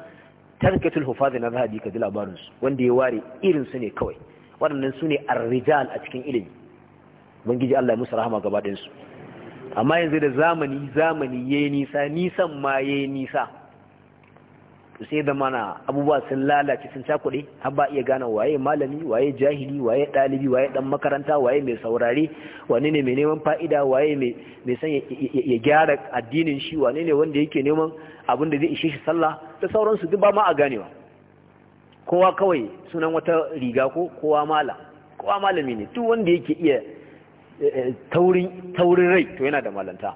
tarkatul hufazi na zahabi ka ji labarinsu wanda ya ware irinsu ne kawai waɗannan su ne arrijal a cikin ilimi bangiji Allah ya musu rahama gaba ɗinsu amma yanzu da zamani zamani ya nisa nisan ma ya nisa to sai da mana abubuwa sun lalace sun cakuɗe har ba iya gane waye malami waye jahili waye ɗalibi waye ɗan makaranta waye mai saurare wane ne mai neman fa'ida waye mai son ya gyara addinin shi wane ne wanda yake neman abin da zai ishe shi sallah da sauransu duk ba ma a ganewa kowa kawai sunan wata riga ko kowa mala kowa malami ne duk wanda yake iya eh, eh, taurin rai to yana da malanta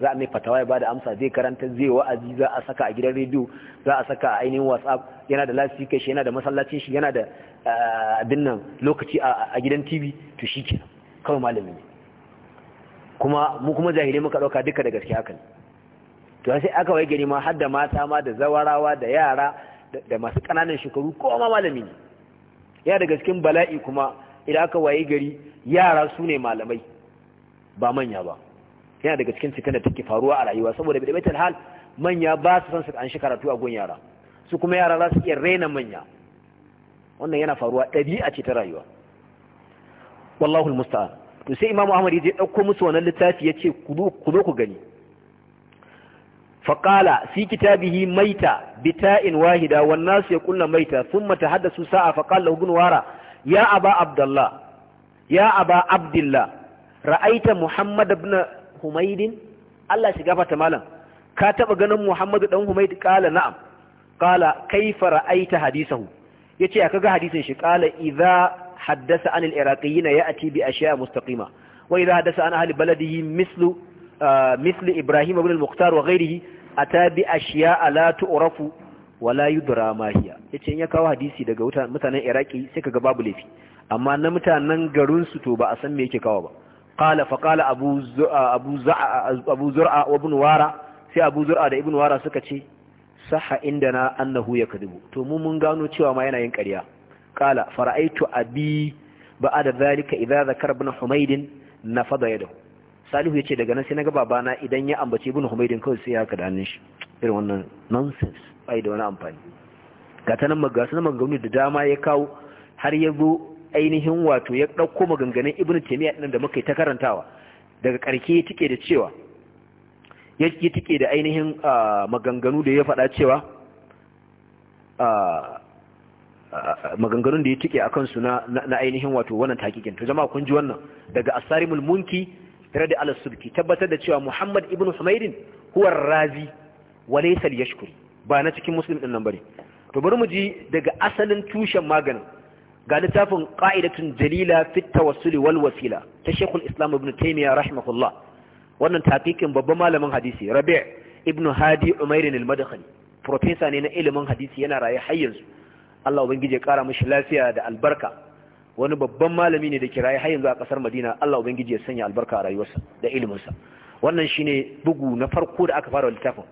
za a mai fatawa ya bada amsa zai karanta zai wa'azi za a saka a gidan rediyo za a saka a ainihin whatsapp yana da kai shi yana da masallacin shi yana da eh, abin nan lokaci a gidan tv to shi kawai malami ne kuma mu kuma jahilai muka ɗauka duka da gaske haka ne to sai aka wai gani ma har da mata ma da zawarawa da yara da masu ƙananan shekaru ko ma malami ne ya daga cikin bala'i kuma idan aka waye gari yara su ne malamai ba manya ba yana daga cikin cikin da take faruwa a rayuwa saboda bai da hal manya ba su san su an shi karatu a gun yara su kuma yara za su iya raina manya wannan yana faruwa ɗabi'a ce ta rayuwa wallahu musta'an to sai imamu ahmad ya je dauko musu wannan littafi ya ce ku zo ku gani faƙala fi kitabihi maita bita'in wahida wannasu ya kunna maita sun mata haddasa sa'a faƙala hukun wara ya aba abdallah ra'aita muhammad ibn humaidin Allah shiga fata malam ka taba ganin muhammad dan humaid qala na'am qala kaifa ra'aita hadithahu yace ya kaga hadisin shi qala idza haddasa anil iraqiyina ya'ti bi ashiya mustaqima wa idza haddasa an ahli baladihi mislu مثل إبراهيم بن المختار وغيره a بأشياء a تعرف ولا يدرى ما هي yace in ya kawo hadisi daga mutanen Iraki sai kaga babu laifi amma na mutanen garinsu su ba a san me yake kawo ba qala fa qala abu abu wa ibn wara sai abu zur'a da ibn wara suka ce saha indana annahu yakdubu to mu mun gano cewa ma yana yin ƙarya qala fara'aitu abi ba'da zalika idza zakar ibn humayd ya yadahu salihu ya ce daga nan sai na ga babana idan ya ambaci ibn humaydin kawai sai ya ka da hannun shi irin wannan nonsense bai da wani amfani ga ta nan magasu na maganganu da dama ya kawo har ya zo ainihin wato ya ɗauko maganganun ibn taimiyya ɗin da muka yi ta karantawa daga ƙarke ya tike da cewa ya tike da ainihin maganganu da ya faɗa cewa maganganun da ya tike a kansu na ainihin wato wannan takikin to jama'a kun ji wannan daga asarimul munki radi ala sulki tabbatar da cewa muhammad ibn humaydin huwar razi wa laisal yashkuri ba na cikin muslim din nan bane to bari mu ji daga asalin tushen maganin ga littafin qa'idatun dalila fi tawassul wal wasila ta shaykhul islam ibn taymiya rahimahullah wannan taqiqin babban malamin hadisi rabi' ibn hadi umairin al-madkhali professor ne na ilimin hadisi yana raye har yanzu Allah ubangije ya kara mishi lafiya da albarka wani babban malami ne da kiraye har yanzu a kasar Madina Allah ubangiji ya sanya albarka a rayuwarsa da iliminsa wannan shine bugu na farko da aka fara littafin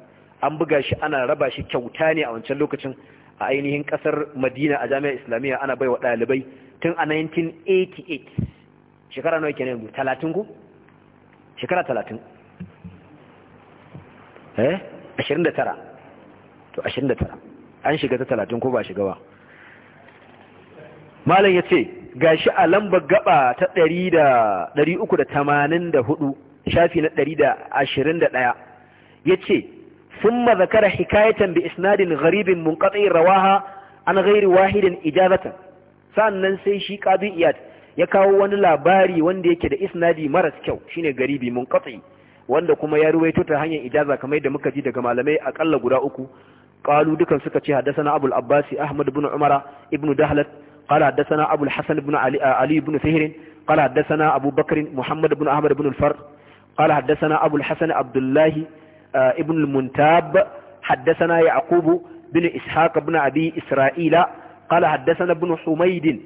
an buga shi ana raba shi kyauta ne a wancan lokacin a ainihin kasar Madina a Jami'ar Islamiyya ana baiwa ɗalibai tun a 1988 shekara nawa kenan yanzu 30 ko shekara 30 eh 29 to 29 an shiga ta 30 ko ba shiga ba malam yace gashi a lambar gaba ta 384 shafi na ɗari da da ashirin 121 yace thumma zakara hikayatan bi isnadin gharibin munqati rawaha an ghairi wahidin ijazatan sannan sai shi qadi ya kawo wani labari wanda yake da isnadi maras kyau shine garibi munqati wanda kuma ya ruwaito ta hanyar ijaza kamar da muka ji daga malamai akalla guda uku qalu dukan suka ce haddathana abul abbasi ahmad ibn umara ibnu dahlat قال حدثنا أبو الحسن بن علي, علي بن فهر قال حدثنا أبو بكر محمد بن أحمد بن الفر قال حدثنا أبو الحسن عبد الله ابن المنتاب حدثنا يعقوب بن إسحاق بن أبي إسرائيل قال حدثنا ابن حميد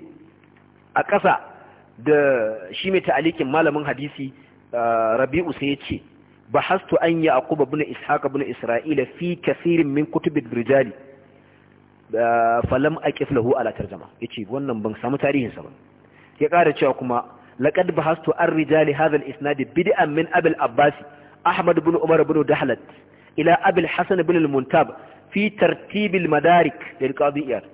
أكسى da shi mai ta'alikin malamin hadisi rabi'u sai ya ce bahastu an yaqub ibn ishaq ibn isra'ila fi kaseerin min kutub rijali falam a lahu ala tarjama ce wannan ban samu tarihin ba ya ƙara cewa kuma laqad bahastu ar rijali hazal isnadi isnad min abi al ahmad umar bin dahlat ila abi al hasan ibn muntab fi tartib madarik lil qadi iyad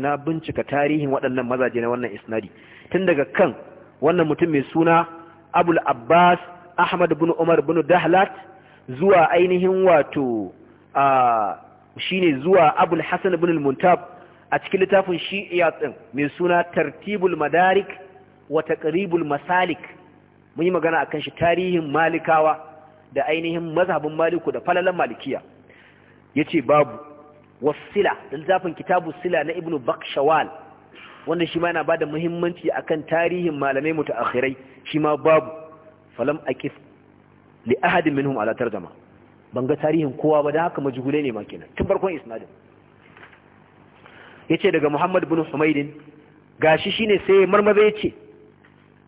na bincika tarihin waɗannan mazaje na wannan isnadi tun daga kan wannan mutum mai suna abul abbas ahmad bin umar bin dahlat zuwa ainihin wato a shine zuwa abul Hassan ibn al-muntab a cikin littafin shi'iyat din mai suna tartibul madarik wa taqribul masalik mun yi magana akan shi tarihin malikawa da ainihin mazhabin maliku da falalan malikiya yace babu wasila littafin kitabu sila na ibnu bakshawal wanda shi ma yana bada muhimmanci akan tarihin malamai mutaakhirai shi ma babu falam akif li ahadin minhum ala tarjama ban ga tarihin kowa ba da haka majhulai ne ma nan tun farkon isnadin yace daga Muhammad ibn Humaydin gashi shine sai marmaza yace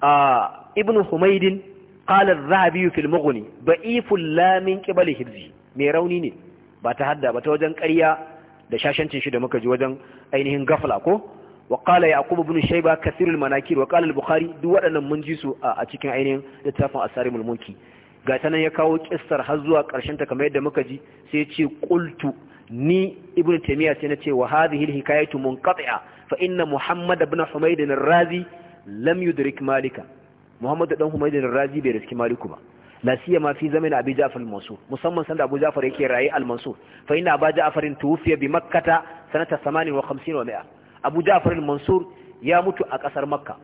a ibn Humaydin qala az-Zahabi fi al-Mughni da'iful la min qibali mai rauni ne ba ta hadda ba ta wajen karya da shashancin shi da muka ji wajen ainihin gafla ko wa qala yaqub ibn shayba kathirul manakir wa qala al-bukhari duk waɗannan mun ji su a cikin ainihin littafin asarimul mulki ga ta nan ya kawo kistar har zuwa ƙarshen ta kamar yadda muka ji sai ce qultu ni ibnu taimiyya sai na ce wa hadhihi alhikayatu munqati'a fa inna muhammad ibn humayd ar-razi lam yudrik malika muhammad dan humayd ar-razi bai riski maliku ba la siyama fi zaman abi ja'far al-mansur musamman sanda abu ja'far yake rayi al-mansur fa inna abu ja'farin tuwfiya bi makkata sanata 58 wa 100 abu ja'far al-mansur ya mutu a kasar makka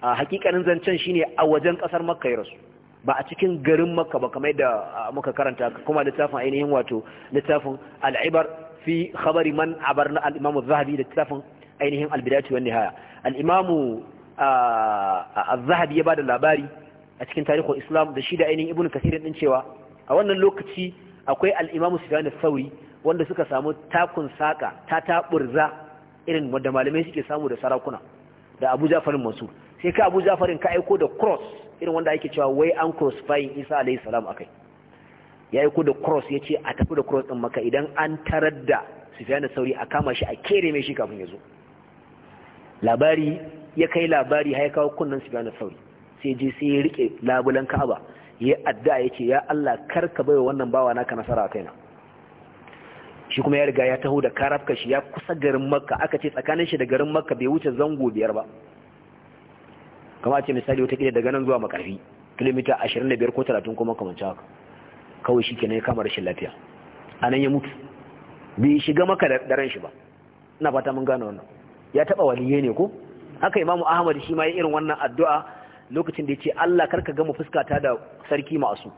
a hakikanin zancen shine a wajen kasar makka ya rasu ba a cikin garin makka ba kamar da muka karanta kuma littafin ainihin wato littafin al'ibar fi khabari man abar na al'imamu zahabi da littafin ainihin albidatu wani haya al'imamu zahabi ya ba da labari a cikin tarihin islam da shi da ainihin ibn kasirin din cewa a wannan lokaci akwai al'imamu sufyan sauri wanda suka samu takun saka ta taburza irin wanda malamai suke samu da sarakuna da abu farin mansur sai ka abu jafarin ka aiko da cross irin wanda ake cewa wai an crucifying isa alayhi salam akai ya aiko da cross ya ce a tafi da cross din maka idan an tarar da sufiyan da sauri a kama shi a kere mai shi kafin ya zo labari ya kai labari har ya kawo kunnan sufiyan da sauri sai je sai ya rike labulan kaba ya addu'a ya ce ya Allah kar ka baiwa wannan bawa naka nasara a kaina shi kuma ya riga ya taho da karafka shi ya kusa garin makka aka ce tsakanin shi da garin makka bai wuce zango biyar ba kama ce misali wata kila daga nan zuwa makarfi kilomita 25 ko 30 kuma kamar haka kawai shi kenan ya kama rashin lafiya a nan ya mutu bai shiga maka da ran shi ba ina fata mun gane wannan ya taba waliye ne ko haka imamu ahmad shi ma ya irin wannan addu'a lokacin da ya ce Allah karka gama fuskata da sarki masu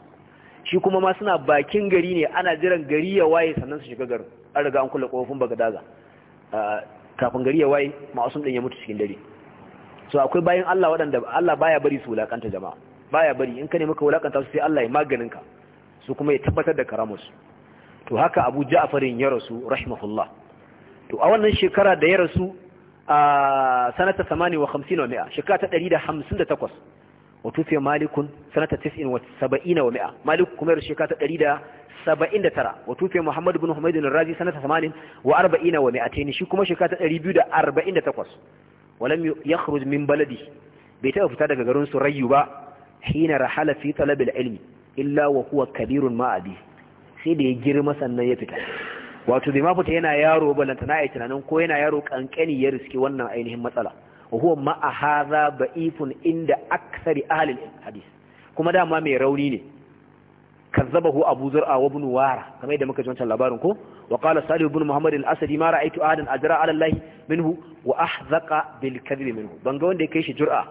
shi kuma ma suna bakin gari ne ana jiran gari ya waye sannan su shiga garin an riga an kula kofofin daga ah, kafin gari ya waye ma'asum din ya mutu cikin dare so akwai bayan Allah waɗanda Allah baya bari su wulakanta jama'a baya bari in ka nemi ka wulakanta su sai Allah ya maganin ka su kuma ya tabbatar da karamarsu to haka Abu Ja'farin ya rasu rahimahullah to a wannan shekara da ya rasu a sanata 58 wa mi'a shekara ta 158 wa tufiya malikun sanata 79 wa mi'a malik kuma ya shekara ta 179 wa tufiya muhammad ibn humaydin razi sanata 80 wa 40 wa mi'atayn shi kuma shekara ta 248 walam yakhruj min baladi bai taɓa fita daga garin su rayu ba hina rahala fi talabil ilmi illa wa huwa kabirun ma sai da ya girma sannan ya fita wato bai ma fita yana yaro balanta na ayi tunanin ko yana yaro kankani ya riske wannan ainihin matsala wa huwa ma hadha ba'ifun inda aksari ahli hadis kuma dama mai rauni ne kazzabahu abu zur'a wa ibn wara kamar yadda muka ji wancan labarin ko wa qala salih ibn muhammad al-asadi ma ra'aytu ahadan ajra ala allah minhu wa ahzaqa bil kadhib minhu ban ga wanda ya kai shi jur'a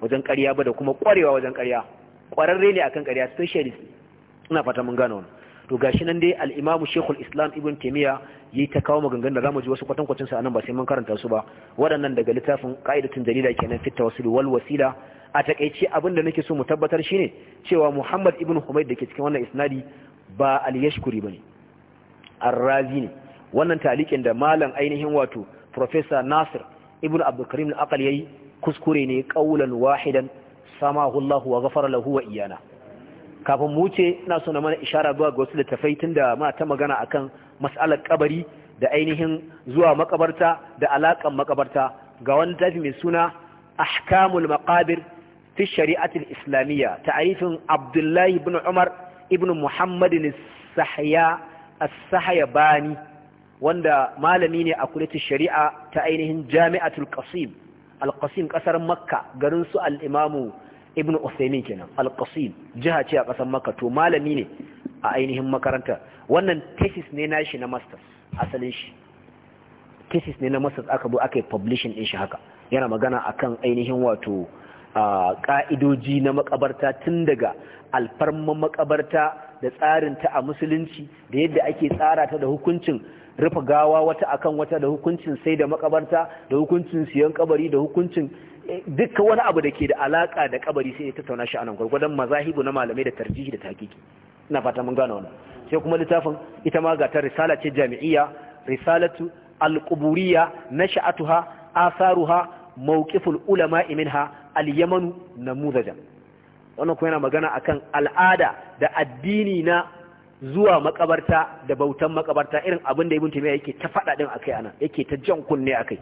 wajen karya ba da kuma kwarewa wajen karya. ƙwararre ne akan karya specialist ina fata mun gane wannan to gashi nan dai al-imamu Sheikhul islam ibn taimiyya ya ta kawo maganganun da zamu ji wasu kwatankwacin a nan ba sai mun karanta su ba waɗannan daga littafin Qaidatun jarida kenan fit tawassul wal wasila a takaice abin da nake so mu tabbatar shine cewa muhammad ibn humayd da ke cikin wannan isnadi ba al-yashkuri bane ar-razi ne wannan talikin da malam ainihin wato professor nasir ibn abdulkarim al-aqal yayi kuskure ne qawlan wahidan samahu allah wa ghafara lahu wa iyana kafin mu wuce ina so na mana ishara zuwa ga wasu littafai da muna ta magana akan mas'alar kabari da ainihin zuwa makabarta da alaƙar makabarta ga wani tafi mai suna ahkamul maqabir fi shari'atul islamiyya tarifin abdullahi ibn umar ibn muhammadin sahya as bani wanda malami ne a kuletin shari'a ta ainihin jami'atul qasim al-qasim kasar makka garin su al-imamu ibn Usaimin kenan al-Qasim jiha ce a ƙasar Makka to malami ne a ainihin makaranta wannan thesis ne nashi na masters asalin shi thesis ne na masters aka zo aka yi publishing din shi haka yana magana akan ainihin wato ka'idoji na makabarta tun daga alfarman makabarta da tsarin ta a musulunci da yadda ake tsara ta da hukuncin rufe gawa wata akan wata da hukuncin sai da makabarta da hukuncin siyan kabari da hukuncin dukkan wani abu da ke da alaka da kabari sai ya tattauna shi anan gwargwadon mazahibu na malamai da tarjihi da takiki ina fata mun gane wannan sai kuma littafin ita ma ga ta risala ce jami'iyya risalatu al-quburiyya nasha'atuha asaruha mawqiful ulama minha al-yaman namuzajan wannan kuma yana magana akan al'ada da addini na zuwa makabarta da bautan makabarta irin abin da ibn taymiya yake ta fada din akai anan yake ta jan kunne akai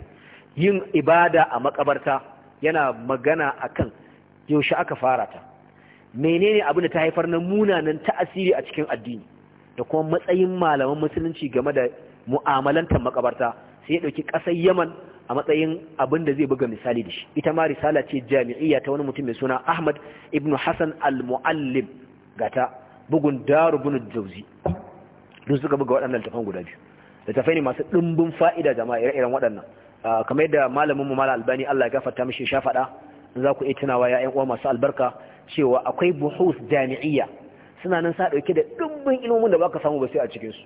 yin ibada a makabarta yana magana akan yaushe aka fara ta menene abin da ta haifar na munanan ta'asiri a cikin addini da kuma matsayin malaman musulunci game da mu'amalantar makabarta sai ya ɗauki kasar Yaman a matsayin abin da zai buga misali da shi ita ma risala ce jami'iyya ta wani mutum mai suna Ahmad ibn Hassan al-Muallim gata bugun Daru bin Jauzi duk suka buga waɗannan tafan guda biyu da ne masu ɗumbin fa'ida jama'a ire-iren waɗannan Ah, kamar yadda malamin mu mala albani Allah ya gafarta mishi sha faɗa za ku iya tunawa ya uwa masu albarka cewa akwai buhus jami'iyya suna nan sa dauke da dubbin ilimin da baka samu ba sai a cikin su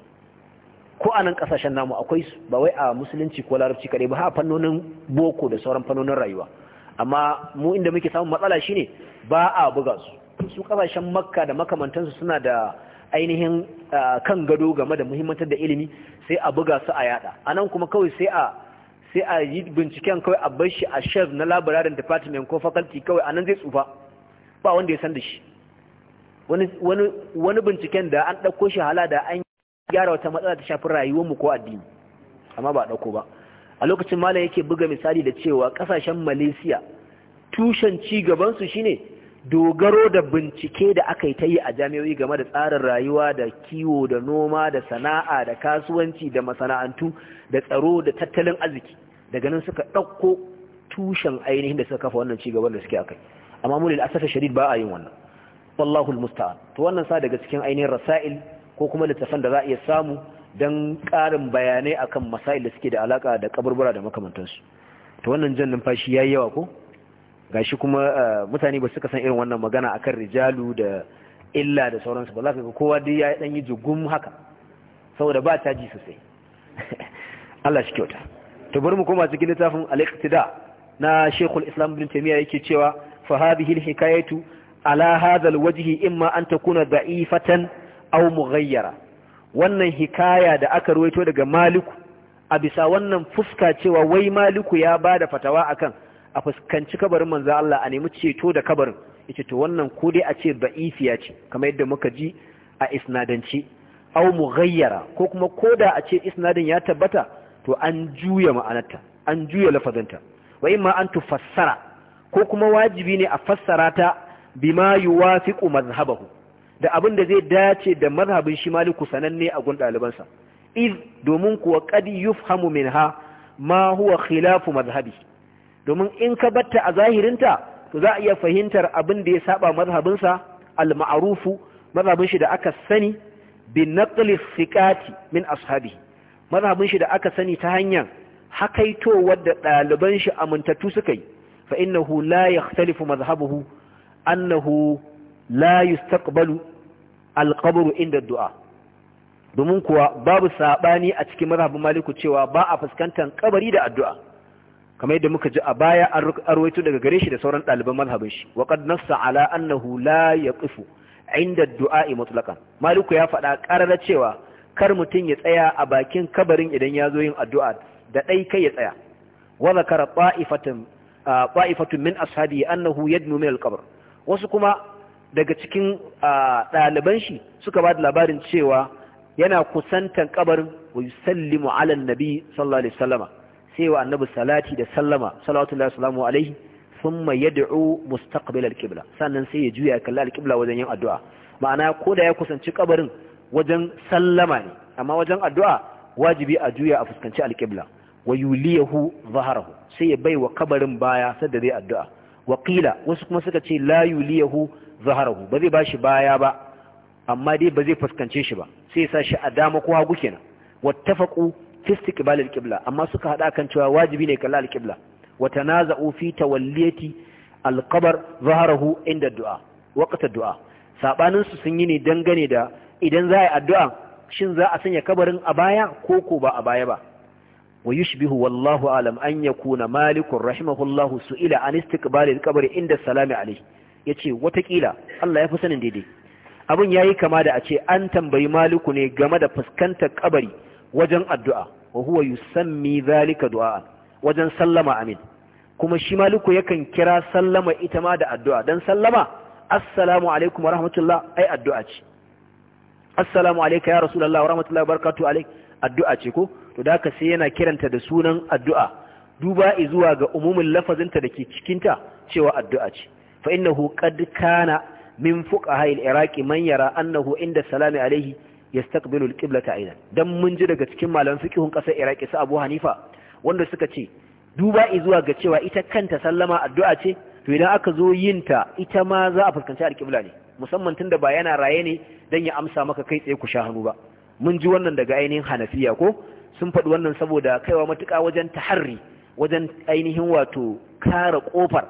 ko a nan kasashen namu akwai su ba wai a musulunci ko larabci kadai ba ha fannonin boko da sauran fannonin rayuwa amma mu inda muke samun matsala shine ba a buga su su kasashen makka da makamantansu suna da ainihin ah, kan gado game da muhimmantar da ilimi sai a buga su a yada anan kuma kawai sai a sai a yi binciken kawai a bar shi a shelf na labararin department ko faculty kawai a nan zai tsufa ba wanda ya san da shi wani binciken da an ɗauko shi hala da an gyara wata matsala ta shafi rayuwarmu ko addini amma ba ɗauko ba a lokacin malam yake buga misali da cewa ƙasashen malaysia tushen ci gabansu shine dogaro da bincike da aka yi ta yi a jami'o'i game da tsarin rayuwa da kiwo da noma da sana'a da kasuwanci da masana'antu da tsaro da tattalin arziki daga nan suka ɗauko tushen ainihin da suka kafa wannan cigaban da suke kai. amma mu lil asafa ba a yin wannan wallahu al-musta'an. to wannan sa daga cikin ainihin rasail ko kuma littafan da za a iya samu don ƙarin bayanai akan masail da suke da alaka da kaburbura da makamantansu to wannan jan numfashi yayi yawa ko gashi kuma eh, mutane ba suka san irin wannan magana akan rijalu da illa da sauransu ba za ka ga kowa dai ya dan yi jugum haka saboda ba ta ji sosai Allah shi kyauta to bari mu koma cikin littafin al-iqtida na Sheikhul Islam Ibn Taymiyyah yake cewa fa hadhihi al-hikayatu ala hadha al-wajhi imma an takuna da'ifatan aw mughayyara wannan hikaya da aka ruwaito daga Maliku a bisa wannan fuska cewa wai Maliku ya bada fatawa akan a fuskanci kabarin manzo Allah a nemi ceto da kabarin yace to wannan ko dai a ce ba'isiya ce kamar yadda muka ji a isnadance aw mughayyara ko kuma koda a ce isnadin ya tabbata to an juya ma'anarta an juya lafazanta wa imma an tufassara ko kuma wajibi ne a fassara ta bima yuwafiqu mazhabahu da abin da zai dace da mazhabin shi maliku sananne a gun ɗalibansa iz domin kuwa qad yufhamu ha ma huwa khilafu mazhabihi domin in ka batta a zahirinta to za a iya fahimtar abin da ya saba mazhabinsa al-ma'rufu mazhabin shi da aka sani bin naqli thiqati min ashabi mazhabin shi da aka sani ta hanyar hakaito wadda ɗaliban shi amintattu suka yi fa innahu la yakhtalifu mazhabuhu annahu la yustaqbalu al-qabr inda du'a domin kuwa babu sabani a cikin mazhabin maliku cewa ba a fuskantar kabari da addu'a kamar yadda muka ji a baya an ruwaito daga gare shi da sauran ɗaliban mazhabin shi wa qad nassa ala annahu la yaqifu inda du'a'i mutlaqan maliku ya faɗa karara cewa kar mutum ya tsaya a bakin kabarin idan ya zo yin addu'a da dai kai ya tsaya wa zakara ta'ifatan ta'ifatun min ashabi annahu yadnu min al-qabr wasu kuma daga cikin ɗaliban shi suka ba da labarin cewa yana kusantan kabarin wa yusallimu ala annabi sallallahu alaihi wasallam sai wa annabi salati da sallama salawatullahi salamu alaihi thumma yad'u mustaqbil al-qibla sannan sai ya juya kalla al-qibla wajen yin addu'a ma'ana ko da ya kusanci kabarin wajen sallama ne amma wajen addu'a wajibi a juya a fuskanci al-qibla wa yuliyahu zaharahu sai ya bai wa kabarin baya sadda zai addu'a wa qila wasu kuma suka ce la yuliyahu zaharahu ba zai bashi baya ba amma dai ba zai fuskance shi ba sai ya sa shi a dama ko hagu kenan wattafaqu fi istiqbal al-qibla amma suka hada kan cewa wajibi ne kalla al-qibla wa tanaza'u fi tawalliyati al-qabr zaharahu inda du'a waqta du'a sabanin su sun yi ne dangane da idan za a yi addu'a shin za a sanya kabarin a baya ko ko ba a baya ba wa yushbihu wallahu alam an yakuna malikun rahimahullahu su'ila an istiqbal al-qabr inda salami alayhi yace watakila Allah ya fi sanin daidai abin yayi kama da a ce an tambayi maliku ne game da fuskantar kabari wajen addu'a wa huwa yusammi zalika du'a wajen sallama amin kuma shi maliku yakan kira sallama ita ma da addu'a dan sallama assalamu alaikum wa rahmatullah ai addu'a ce assalamu alayka ya rasulallah wa rahmatullahi barkatu addu'a ce ko to da haka sai yana kiranta da sunan addu'a duba zuwa ga umumin lafazinta da ke cikinta cewa addu'a ce fa innahu qad kana min fuqaha al-iraqi man yara annahu inda salami alaihi. yastaqbilu al-qiblata aidan dan mun ji daga cikin malaman fiqhun kasar Iraki su Abu Hanifa wanda suka ce duba izuwa ga cewa ita kanta sallama addu'a ce to idan aka zo yin ta ita ma za a fuskanci al-qibla ne musamman tunda ba yana raye ne dan ya amsa maka kai tsaye ku sha hannu ba mun ji wannan daga ainihin Hanafiya ko sun faɗi wannan saboda kaiwa matuƙa wajen taharri wajen ainihin wato kare kofar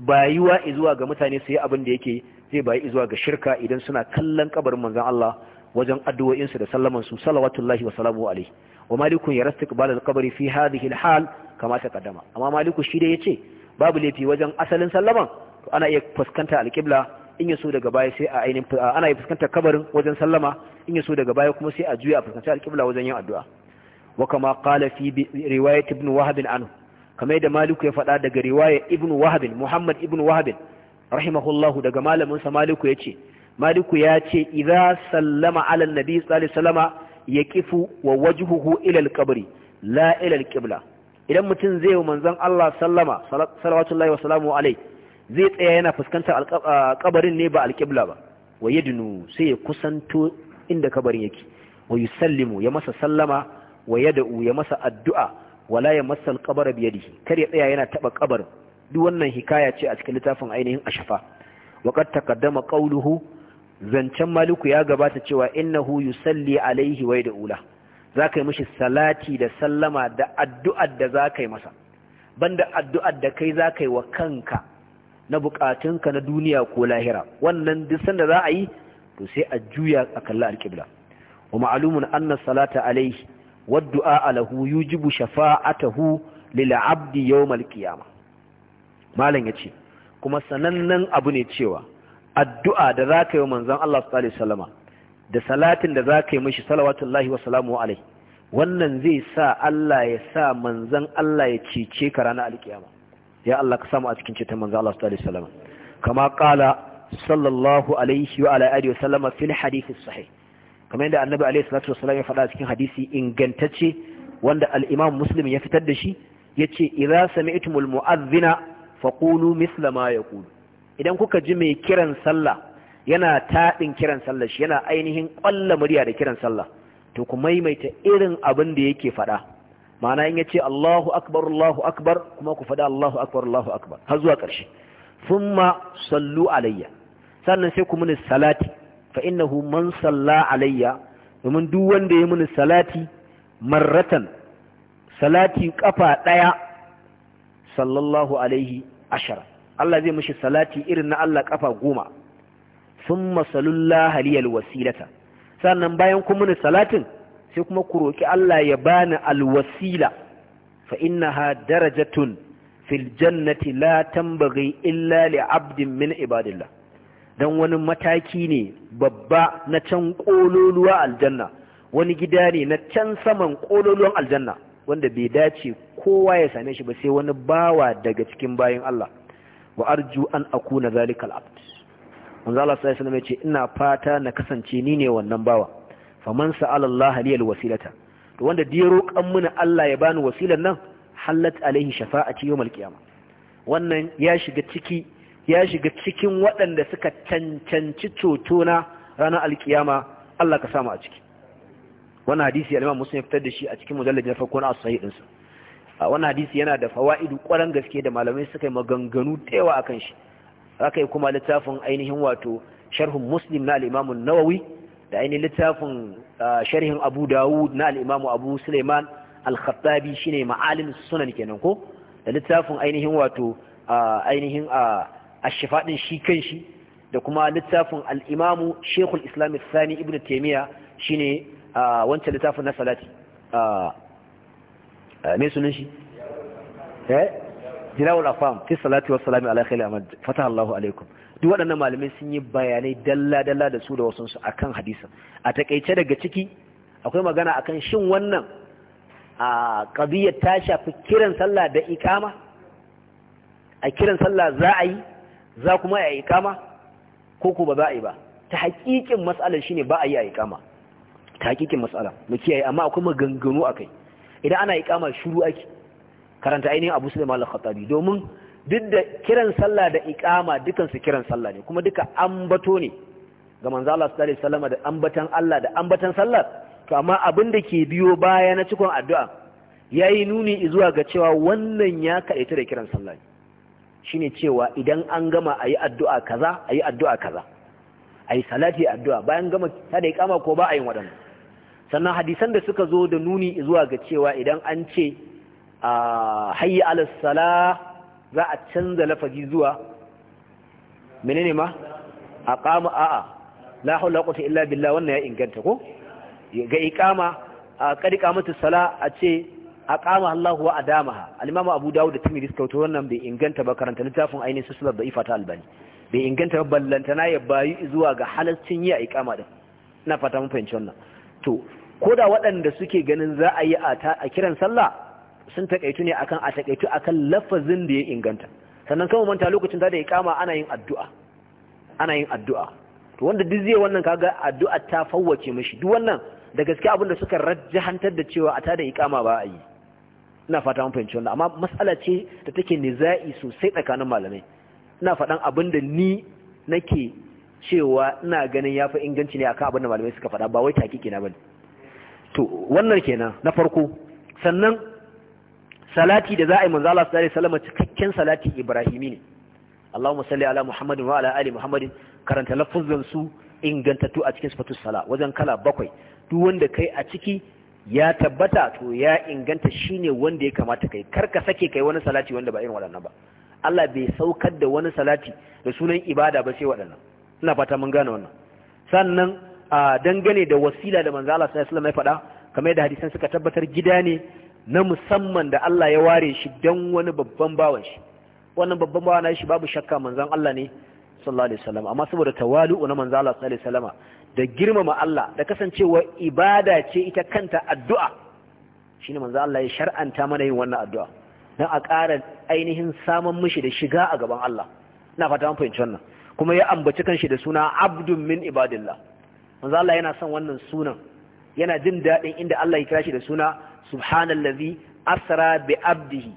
bayuwa zuwa ga mutane su abin da yake zai bayi zuwa ga shirka idan suna kallon kabarin manzon Allah wajen addu'o'insu da sallaman su salawatullahi wa salamu alaihi wa malikun ya rasta qibala al-qabri fi hadhihi al-hal kama taqaddama amma maliku shi da yace babu laifi wajen asalin sallaman ana iya fuskanta al'qibla in yaso daga baya sai a ainin ana iya fuskanta kabarin wajen sallama in yaso daga baya kuma sai a juya a fuskanta al'qibla wajen yin addu'a wa kama qala fi riwayat ibn wahab anhu kamar da maliku ya faɗa daga riwaya ibn wahab muhammad ibn wahab rahimahullahu daga malamin sa maliku yace maliku ya ce idza sallama ala nabi sallallahu alaihi wasallama wa wajhuhu ila al la ila kibla idan mutum zai yi manzon Allah sallama salawatullahi wa salamu alai zai tsaya yana fuskantar kabarin ne ba al ba wa yadnu sai ya kusanto inda kabarin yake wa yusallimu ya masa sallama wa yad'u ya masa addu'a wala ya masa al bi yadihi kar ya tsaya yana taba kabarin duk wannan hikaya ce a cikin littafin ainihin ashafa wa qad taqaddama zancen maliku ya gabata cewa innahu yusalli alaihi wa da ula za ka yi mishi salati da sallama da addu'ar da za ka yi masa banda addu'ar da kai za ka yi wa kanka na bukatunka na duniya ko lahira wannan duk sanda za a yi to sai a juya a kalla alƙibla wa ma'alumun anna salata alaihi waddu'a alahu yujibu shafa'atahu lil abdi yawmal qiyamah malam yace kuma sanannen abu ne cewa addu'a da za ka yi manzan Allah sallallahu alaihi wasallama da salatin da za ka yi mishi salawatullahi wa salamu alaihi wannan zai sa Allah ya sa manzan Allah ya cece ka ranar alkiyama ya Allah ka samu a cikin ceton manzan Allah sallallahu alaihi wasallama kama qala sallallahu alaihi wa ala alihi wasallama fil hadith sahih kamar yadda annabi alaihi salatu wasallam ya faɗa cikin hadisi ingantacce wanda al-imam muslim ya fitar da shi yace idza sami'tumul mu'adhdhina faqulu mithla ma yaqulu idan kuka ji mai kiran sallah yana taɗin kiran sallah shi yana ainihin ƙwalla murya da kiran sallah to ku maimaita irin abin da yake faɗa ma'ana in ce Allahu akbar Allahu akbar kuma ku faɗa Allahu akbar Allahu akbar har zuwa ƙarshe thumma sallu alayya sannan sai ku muni salati fa innahu man salla alayya domin duk wanda ya muni salati marratan salati kafa ɗaya sallallahu alaihi ashara Allah zai mishi salati irin na Allah kafa goma sun masalullah haliyar wasilata sannan bayan kun mini salatin sai kuma ku roki Allah ya bani alwasila fa innaha darajatun fil jannati la tambaghi illa li abdin min ibadillah dan wani mataki ne babba na can kololuwa aljanna wani gida ne na can saman kololuwan aljanna wanda bai dace kowa ya same shi ba sai wani bawa daga cikin bayin Allah wa arju an akuna zalika al-abd manzo Allah sai sallama ina fata na kasance ni ne wannan bawa faman sa'ala Allah li wasilata to wanda da ya roƙan Allah ya bani wasilan nan halat alaihi shafa'ati yawm qiyama wannan ya shiga ciki ya shiga cikin waɗanda suka cancanci cotona ranar alƙiyama Allah ka samu a ciki wannan hadisi al-Imam Muslim ya fitar da shi a cikin mujallad na farko na as-sahih Wani hadisi yana da fawa'idu ƙwarar gaske da malamai suka yi maganganu a kan shi yi kuma littafin ainihin wato sharhun muslim na al'imamun nawawi da ainihin littafin sharhin abu dawud na al'imamu abu suleiman al-khattabi shine ma'alin sunan kenan ko da littafin ainihin wato ainihin ashifaɗin shi kan shi da kuma littafin al'imamu shekul islam sani ibn taimiyya shine wancan littafin na salati Eh, me sunan shi eh jilawul afam fi salati wassalamu ala khairil amad fataha Allahu alaikum duk waɗannan malamai sun yi bayanai dalla dalla da su da wasu su akan hadisi a takeice daga ciki akwai magana akan shin wannan a qadiyar ta shafi kiran sallah da ikama a kiran sallah za a yi za kuma a ikama ko ko ba za a yi ba ta hakikin mas'alar shine ba a yi a ikama ta hakikin mas'alar. mu kiyaye amma akwai maganganu akai idan ana kama shuru ake karanta ainihin Abu Sulaiman al-Khattabi domin duk da kiran sallah da ikama dukan su kiran sallah ne kuma duka ambato ne ga manzo Allah sallallahu alaihi wasallam da ambatan Allah da ambatan sallah, to amma abin da ke biyo baya na cikon addu'a yayi nuni zuwa ga cewa wannan ya kaita da kiran sallah ne. shine cewa idan an gama ayi addu'a kaza ayi addu'a kaza ayi salati addu'a bayan gama ta da iqama ko ba ayin wadannan sannan hadisan da suka zo da nuni zuwa ga cewa idan an ce ah, hayi alasala za a canza lafazi zuwa menene ma a kama a'a la haula quwwata illa billah wannan ya inganta ko ga iqama a ah, kadi qamatu sala a ce a kama Allahu wa adamaha al-imam Abu Dawud da Tirmidhi suka wato wannan bai inganta ba karanta littafin ainihin silsilar da'ifa ta Albani bai inganta ba ballantana ya bayu zuwa ga halaccin yi a iqama din ina fata mun fahimci wannan to ko da waɗanda suke ganin za a yi a kiran sallah sun taƙaitu ne akan a taƙaitu akan lafazin da ya inganta sannan kama manta lokacin da ya kama ana yin addu'a ana yin addu'a to wanda duk zai wannan kaga addu'a ta fawwace mishi duk wannan da gaske abin da suka rajjahantar da cewa a tada iqama ba a yi ina fata mun fahimci wannan amma mas'ala ce da take niza'i sosai tsakanin malamai ina faɗan abin da ni nake cewa ina ganin yafi inganci ne akan abin da malamai suka faɗa ba wai takiki na bane to wannan kenan na farko sannan salati da za a yi manzo Allah sallallahu alaihi wasallam cikakken salati ibrahimi ne Allahumma salli ala Muhammadin wa ala ali Muhammadin karanta lafuzan su ingantattu a cikin sifatu sala wajen kala bakwai duk wanda kai a ciki ya tabbata to ya inganta shine wanda ya kamata kai kar ka sake kai wani salati wanda ba irin waɗannan ba Allah bai saukar da wani salati da sunan ibada ba sai waɗannan ina fata mun gane wannan sannan dangane da wasila da manzo Allah sallallahu alaihi wasallam ya faɗa kamar yadda hadisan suka tabbatar gida ne na musamman da Allah ya ware shi dan wani babban bawan shi wannan babban bawan shi babu shakka manzon Allah ne sallallahu alaihi wasallam amma saboda tawalu'u na manzo Allah sallallahu alaihi wasallam da girmama Allah da kasancewa ibada ce ita kanta addu'a shine manzo Allah ya shar'anta mana yin wannan addu'a dan a ƙara ainihin saman mishi da shiga a gaban Allah ina fata an fahimci wannan kuma ya ambaci kanshi da suna abdun min ibadillah manzo Allah yana son wannan sunan yana jin daɗin inda Allah ya kira shi da suna subhanallazi asra bi abdihi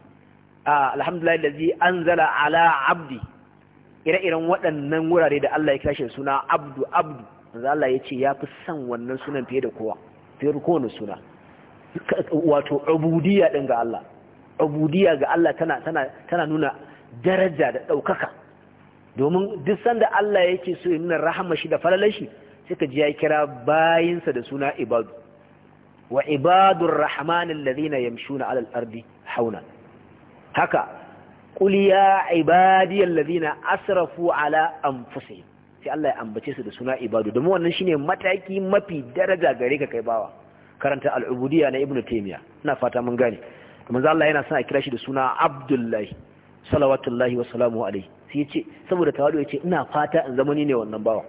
alhamdulillah allazi anzala ala abdi ire iran waɗannan wurare da Allah ya kira shi da suna abdu abdu manzo Allah ya ya fi son wannan sunan fiye da kowa fiye da kowane suna wato ubudiyya din ga Allah ubudiyya ga Allah tana tana tana nuna daraja da ɗaukaka domin duk sanda Allah yake so ya nuna rahama shi da falalar shi suka ji ya kira bayinsa da suna ibadu wa ibadur rahman alladhina yamshuna alal ardi hauna haka qul ya ibadi alladhina asrafu ala anfusihim sai Allah ya ambace su da suna ibadu domin wannan shine mataki mafi daraja gare ka kai bawa karanta alubudiya na ibnu taimiya ina fata mun gane manzo Allah yana son a kira shi da suna abdullahi salawatullahi wa salamu alaihi sai yace saboda tawadu yace ina fata in zamani ne wannan bawa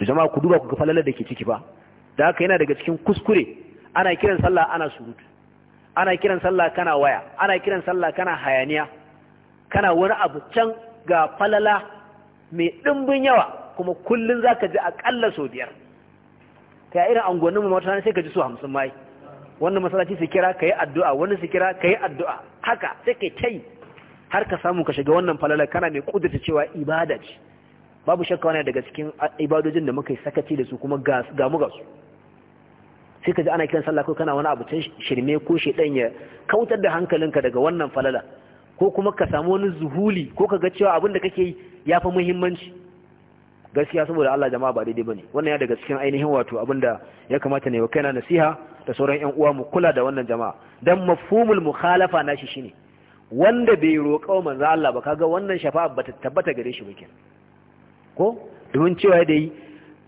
to jama'a ku duba ku ga falalar da ke ciki ba da haka yana daga cikin kuskure ana kiran sallah ana surutu ana kiran sallah kana waya ana kiran sallah kana hayaniya kana wani abu can ga falala mai dimbin yawa kuma kullun zaka ji akalla sau biyar kai irin angonin mu na sai ka ji so hamsin mai wannan masallaci su kira ka yi addu'a wani su kira ka yi addu'a haka sai ka kai har ka samu ka shiga wannan falala kana mai kudurta cewa ibada ce babu shakka wani daga cikin ibadojin da muka yi sakaci da su kuma ga mu ga su sai ka ji ana kiran sallah ko kana wani abu can shirme ko shedan ya kautar da hankalinka daga wannan falala ko kuma ka samu wani zuhuli ko ka ga cewa abin da kake yi ya fi muhimmanci gaskiya saboda Allah jama'a ba daidai bane wannan ya daga cikin ainihin wato abin da ya kamata ne wa kaina nasiha da sauran ƴan uwa mu kula da wannan jama'a dan mafhumul mukhalafa nashi shine wanda bai roƙa manzo Allah ba kaga wannan shafa'a ta tabbata gare shi ba kenan ko domin cewa da yi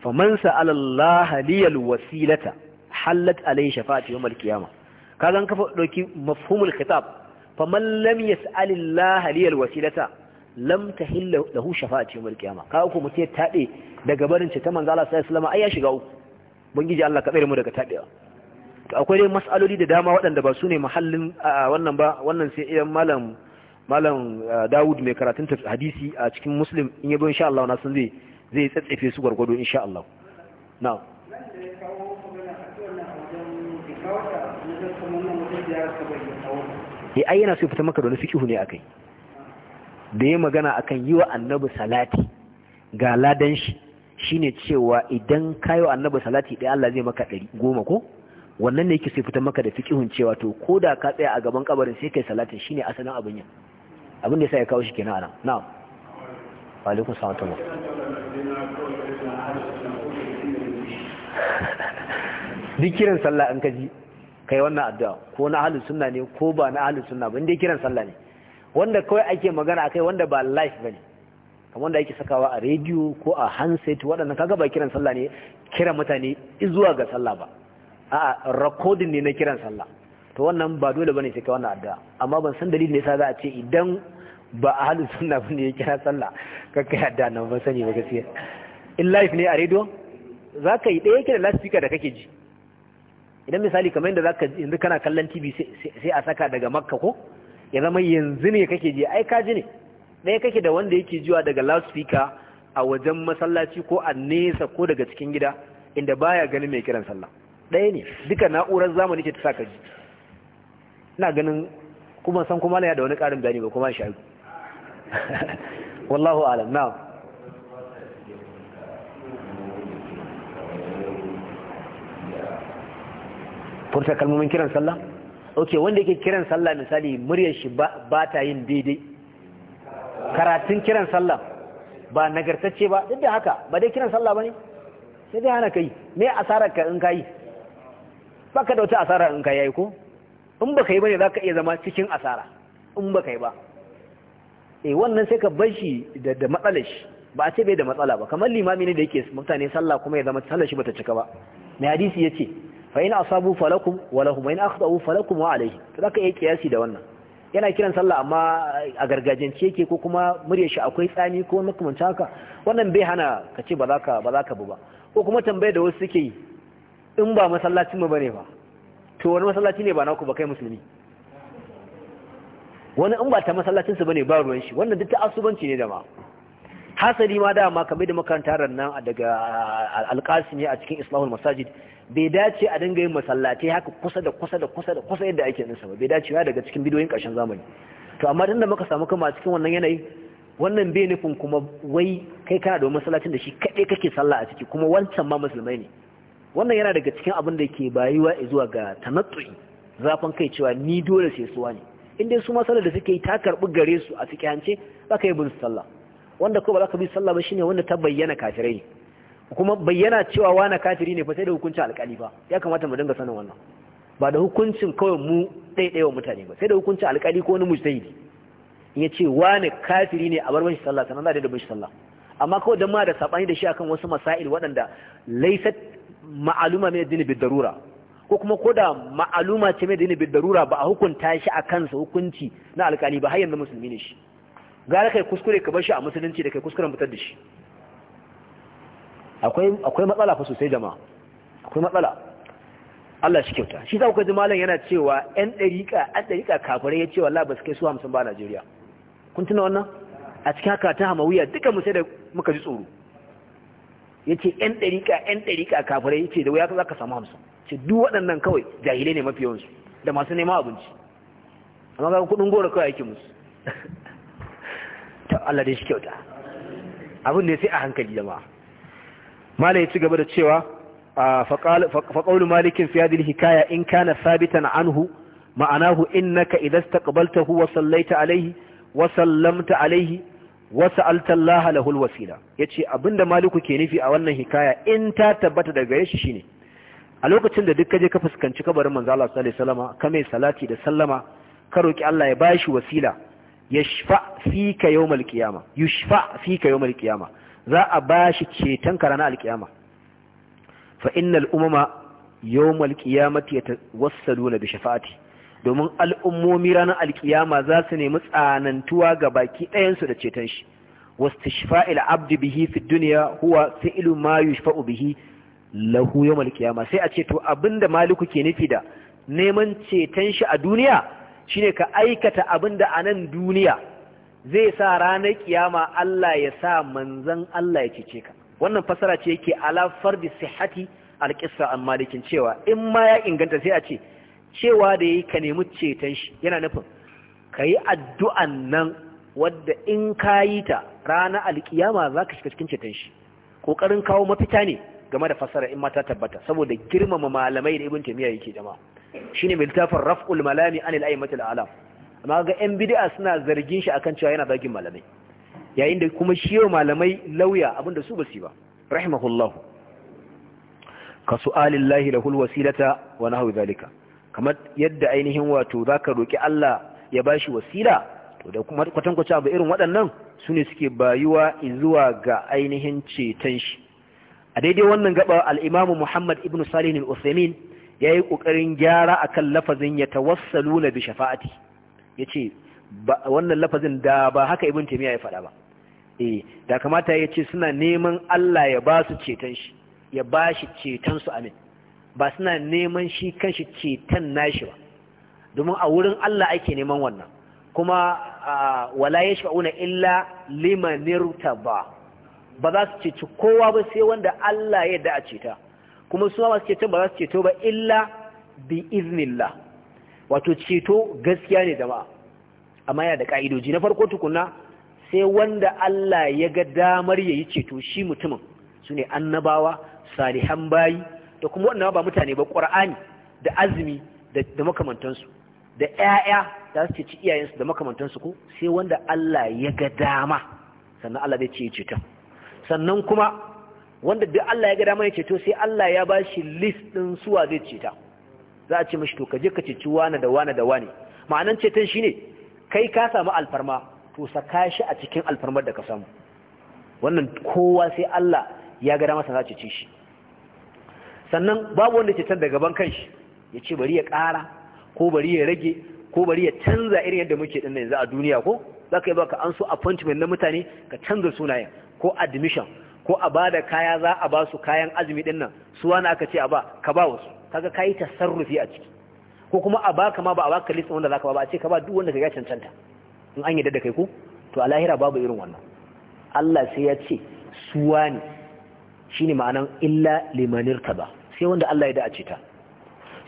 faman sa'ala Allah wasilata halat alai shafa a cikin qiyama ka zan kafa ɗauki mafhumul kitab faman lamya yas'al Allah liyal wasilata lam tahilla lahu shafa'ati yawm al Ka uku ko mutai taɗe daga barin ce ta manzala sai sallallahu ai ya shiga uku bangiji Allah ka tsare mu daga taɗewa. akwai dai mas'aloli da dama waɗanda ba su ne mahallin wannan ba wannan sai iya malam malam eh, Dawud mai karatun hadisi a cikin Muslim in yabo insha Allah na san zai zai tsatsefe su gwargwado insha Allah na'am ya eh, ai yana so fita maka da wani fikihu ne akai da ya magana akan yi wa annabi salati ga ladan shi shine cewa idan kayo annabi salati ɗaya Allah zai maka ɗari goma ko wannan ne yake sai fita maka da fikihun cewa to ko da ka tsaya a gaban kabarin sai kai salatin shine asalin abin yin abin da sa ya kawo shi ke na'ana na'am wa alaikum salam duk kiran sallah an kaji kai wannan addu'a ko na ahlus sunna ne ko ba na ahlus sunna ba inda kiran sallah ne wanda kawai ake magana akai wanda ba live ne, kamar wanda ake sakawa a radio ko a handset waɗannan kaga ba kiran sallah ne kiran mutane zuwa ga sallah ba a'a recording ne na kiran sallah to wannan ba dole bane sai ka wannan addu'a amma ban san dalilin yasa za a ce idan ba ahlus sunna bane ya kira sallah ka kai addu'a nan ban sani ba gaskiya in life ne a radio za ka yi ɗaya yake da speaker da kake ji idan misali kamar yadda zaka yanzu kana kallon TV sai a saka daga Makka ko ya zama yanzu ne kake ji ai ka ji ne ɗaya kake da wanda yake jiwa daga speaker a wajen masallaci ko a nesa ko daga cikin gida inda baya ganin mai kiran sallah ɗaya ne duka na'urar zamani ce ta saka ji na ganin kuma san kuma na yada wani karin gani ba kuma shi wallahu alam na furta kalmomin kiran sallah ok wanda yake kiran sallah misali muryar shi ba ta yin daidai karatun kiran sallah ba nagartacce ba duk da haka ba dai kiran sallah ba ne sai dai hana kai me asarar ka in kayi yi baka da wata asarar in kayi ko in baka yi ba ne za ka iya zama cikin asara in baka yi ba eh wannan sai ka bar shi da matsalar shi ba a ce bai da matsala ba kamar limami ne da yake mutane sallah kuma ya zama sallar shi bata cika ba mai hadisi ce fa in asabu falakum wa lahum in akhtau falakum wa alayhi ka iya kiyasi da wannan yana kiran sallah amma a gargajiyance yake ko kuma muryar shi akwai tsami ko makamanta haka wannan bai hana ka ce ba za ka ba za ka bu ba ko kuma tambayar da wasu suke yi in ba masallacin mu bane ba to wani masallaci ne ba naku ba kai musulmi wani in ba ta masallacinsu ba ne ba ruwan shi wannan duk ta asubanci ne da ma hasari ma dama kamar da makaranta nan daga alƙasimi a cikin islahul masajid bai dace a dinga yin masallatai haka kusa da kusa da kusa da kusa yadda ake nisa ba bai dace ya daga cikin bidiyoyin karshen zamani to amma tunda muka samu kuma a cikin wannan yanayi wannan bai nufin kuma wai kai kana da masallacin da shi kaɗai kake sallah a ciki kuma wancan ma musulmai ne wannan yana daga cikin abin da ke bayuwa zuwa ga tanattui zafin kai cewa ni dole sai suwa ne inda su masalar da suke yi ta karɓi gare su a hance za ka yi bin sallah wanda ko ba za ka bi sallah ba shine wanda ta bayyana kafirai ne kuma bayyana cewa wani kafiri ne fa sai da hukuncin alƙali ba ya kamata mu dinga sanin wannan ba da hukuncin kawai mu wa mutane ba sai da hukuncin alƙali ko wani mujtahidi in ya ce wani kafiri ne a bar mashi sallah sanan za da mashi sallah amma kawai don ma da saɓani da shi akan wasu masail waɗanda laysat ma'aluma mai dini bi darura ko kuma koda ma'aluma ce mai dini bi darura ba a hukunta shi a kansa hukunci na alkali ba har yanzu musulmi ne shi gara kai kuskure ka bar shi a musulunci da kai kuskuren fitar da shi akwai akwai matsala fa sosai jama'a akwai matsala Allah shi kyauta shi za ku ji malam yana cewa ɗan dariƙa ɗan ɗariƙa kafirai ya ce wallahi ba su kai su hamsin ba a Najeriya kun tuna wannan a cikin haka ta hamawiya duka mu sai da muka ji tsoro yace yan ɗarika yan ɗarika kafirai yace da wuya za ka samu hamsin ce duk waɗannan kawai jahilai ne mafi yawansu da masu neman abinci amma ga kuɗin goro kawai yake musu ta Allah dai shi kyauta abin ne sai a hankali jama'a mala ya ci gaba da cewa faƙaunin malikin fi hikaya in kana sabitan anhu ma'anahu innaka idan taqbaltahu wa sallaita alaihi wa sallamta alaihi wasu altallaha lahul wasila ya ce abinda maliku ke nufi a wannan hikaya in ta tabbata daga yashi shi shine a lokacin da duk kaje ka fuskanci kabarin manzo Allah sallallahu ka mai salati da sallama ka roƙi Allah ya bashi wasila yashfa fika yawmal qiyama yushfa fika yawmal za a bashi ceton ka ranar alkiyama fa innal umama yawmal qiyamati yatawassaluna bi shafa'ati domin al'ummomi ranar alkiyama za su nemi tsanantuwa ga baki ɗayansu da ceton shi Ila abdi bihi fi duniya huwa sai ilu ma yushfa'u bihi lahu yau qiyama sai a ce to abinda maliku ke nufi da neman ceton shi a duniya shine ka aikata abinda a nan duniya zai sa ranar kiyama Allah ya sa manzan Allah ya cece ka wannan fasara ce yake alafar da sihati alƙisa an malikin cewa in ma ya inganta sai a cewa da yayi ka nemi ceton shi yana nufin kayi addu'an nan wadda in kayi ta rana alkiyama zaka shiga cikin ceton shi kokarin kawo mafita ne game da fasara in mata tabbata saboda girmama malamai da ibn taymiya yake jama'a shine mai littafin raf'ul malami anil mata a'lam amma ga yan bida'a suna zargin shi akan cewa yana zagin malamai yayin da kuma shi yau malamai lauya abin da su basi ba rahimahullahu ka su'alillahi lahul wasilata wa nahwi zalika kamar yadda ainihin wato za ka roƙi Allah ya ba shi wasila to da kuma kwatankwacin abu irin waɗannan su ne suke bayuwa zuwa ga ainihin ceton shi a daidai wannan gaba al'imamu muhammad ibn salih al-usaimin ya yi ƙoƙarin gyara a kan lafazin ya tawassalu na bishafa'ati ya ce wannan lafazin da ba haka ibn taimiyya ya faɗa ba e da kamata ya ce suna neman allah ya ba su ceton shi ya ba shi ceton su amin ba suna neman shi kanshi ceton nashi ba domin a wurin Allah ake neman wannan kuma wala ya yashfa'una illa limanir irtaba ba za su ceci kowa ba sai wanda Allah ya da a ceta kuma su masu ceton ba za su ceto ba illa bi iznillah wato ceto gaskiya ne jama'a amma yana da ka'idoji na farko tukunna sai wanda Allah ya ga damar ya yi ceto shi mutumin su ne annabawa salihan bayi da kuma wannan ba mutane ba ƙura'ani, da azumi da makamantansu da ƴaƴa da su ci iyayensu da makamantansu ko sai wanda Allah ya ga dama sannan Allah zai ce ceton sannan kuma wanda duk Allah ya ga dama ya ceto sai Allah ya ba shi list ɗin suwa zai ceta za a ce mashi to ka je ka ceci wani da wani da wani ma'anan ceton shine kai ka samu alfarma to saka shi a cikin alfarmar da ka samu wannan kowa sai Allah ya ga dama sa za a ceci shi sannan babu wanda ke can da gaban kanshi ya ce bari ya ƙara ko bari ya rage ko bari ya canza irin yadda muke ɗin yanzu a duniya ko za ka yi ka an so appointment na mutane ka canza sunayen ko admission ko a ba da kaya za a ba su kayan azumi ɗin nan su wani aka ce a ba ka ba wasu kaga ka yi tasarrufi a ciki ko kuma a ba ka ma ba a ba ka list wanda za ka ba a ce ka ba duk wanda ka ga cancanta in an yi da kai ko to a lahira babu irin wannan Allah sai ya ce suwa ne shine ma'anan illa limanir ba sai wanda Allah ya da a ceta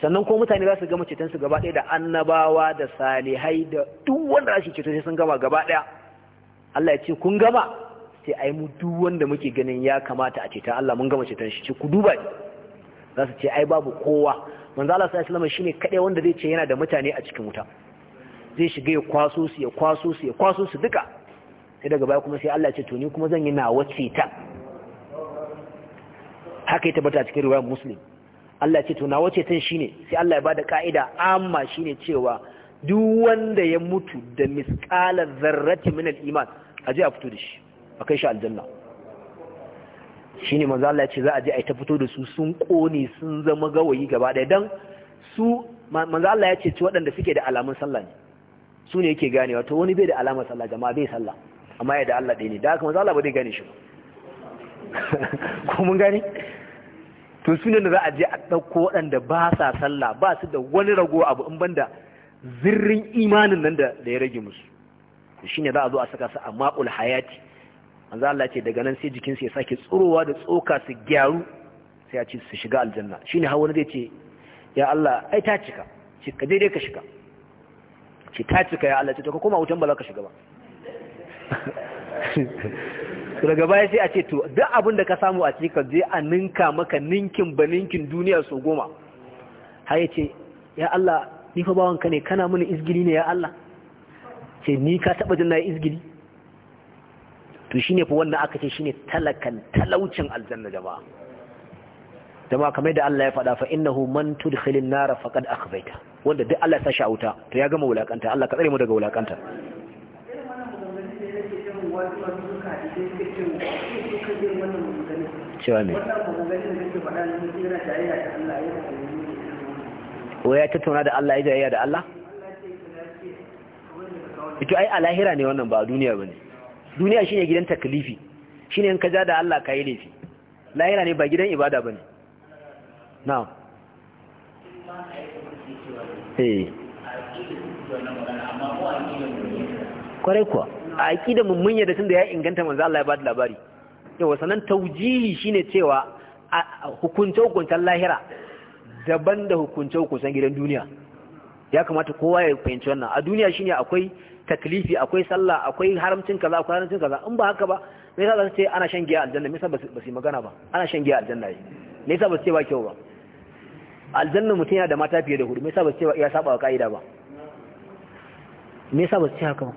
sannan ko mutane za su gama ceton su gaba ɗaya da annabawa da salihai da duk wanda za su ceto sai sun gama gaba ɗaya Allah ya ce kun gama sai ai mu duk wanda muke ganin ya kamata a ceta Allah mun gama ceton shi ce ku duba ni za su ce ai babu kowa manzo Allah sallallahu alaihi wasallam shine kadai wanda zai ce yana da mutane a cikin wuta zai shiga ya kwaso su ya kwaso su ya kwaso su duka sai daga baya kuma sai Allah ya ce to ni kuma zan yi nawa cetan haka ya tabbata a cikin riwayar muslim Allah ce to wace ceton shine sai Allah ya bada ka'ida amma shine cewa duk wanda ya mutu da misqalar zarrati min al-iman aje a fito da shi kai shi aljanna shine manzo Allah ya ce za a je a ta fito da su sun kone sun zama gawayi gaba daya dan su manzo Allah ya ce ci waɗanda suke da alamun sallah ne su ne yake ganewa to wani bai da alamar sallah jama'a bai sallah amma ya da Allah ɗaya ne da haka manzo Allah ba zai gane shi ba ko mun gane to su ne da za a je a ɗauko waɗanda ba sa sallah ba su da wani rago abu in banda zirrin imanin nan da ya rage musu shi ne za a zo a saka su a maƙul hayati an za Allah ce daga nan sai jikinsu ya sake tsurowa da tsoka su gyaru sai a ce su shiga aljanna shi ne hawa zai ce ya Allah ai ta cika ce ka daidai ka shiga ce ta cika ya Allah ce to ka koma wutan ba za ka shiga ba to daga baya sai a ce to duk abin da ka samu a cikin kaje a ninka maka ninkin ba ninkin duniya so goma har ya ce ya Allah ni fa ka ne kana mini izgili ne ya Allah ce ni ka taba jin na izgili to shine fa wannan aka ce shine talakan talaucin aljanna jama'a jama'a kamar da Allah ya faɗa fa innahu man tudkhilin nar faqad akhbaita wanda duk Allah ya sashi a wuta to ya gama wulakanta Allah ka tsare mu daga wulakanta cewa ne wai ya tattauna da Allah ya jayayya da Allah ito ai alahira ne wannan ba a duniya ba ne duniya shi ne gidan taklifi shi ne in ka ja da Allah ka yi laifi lahira ne ba gidan ibada ba ne na eh. kwarai kuwa a aƙi da mummun da tun da ya inganta manzo Allah ya ba da labari yawa sannan taujihi shine cewa hukunce-hukuncen lahira daban da hukunce-hukuncen gidan duniya ya kamata kowa ya fahimci wannan a duniya shine akwai taklifi akwai sallah akwai haramcin kaza akwai haramcin kaza in ba haka ba me yasa za ce ana shan giya aljanna me yasa ba su magana ba ana shan giya aljanna ne me yasa ba su ce ba kyau ba aljanna mutum yana da mata fiye da hudu me yasa ba su ce ya saba wa ka'ida ba me yasa ba su ce haka ba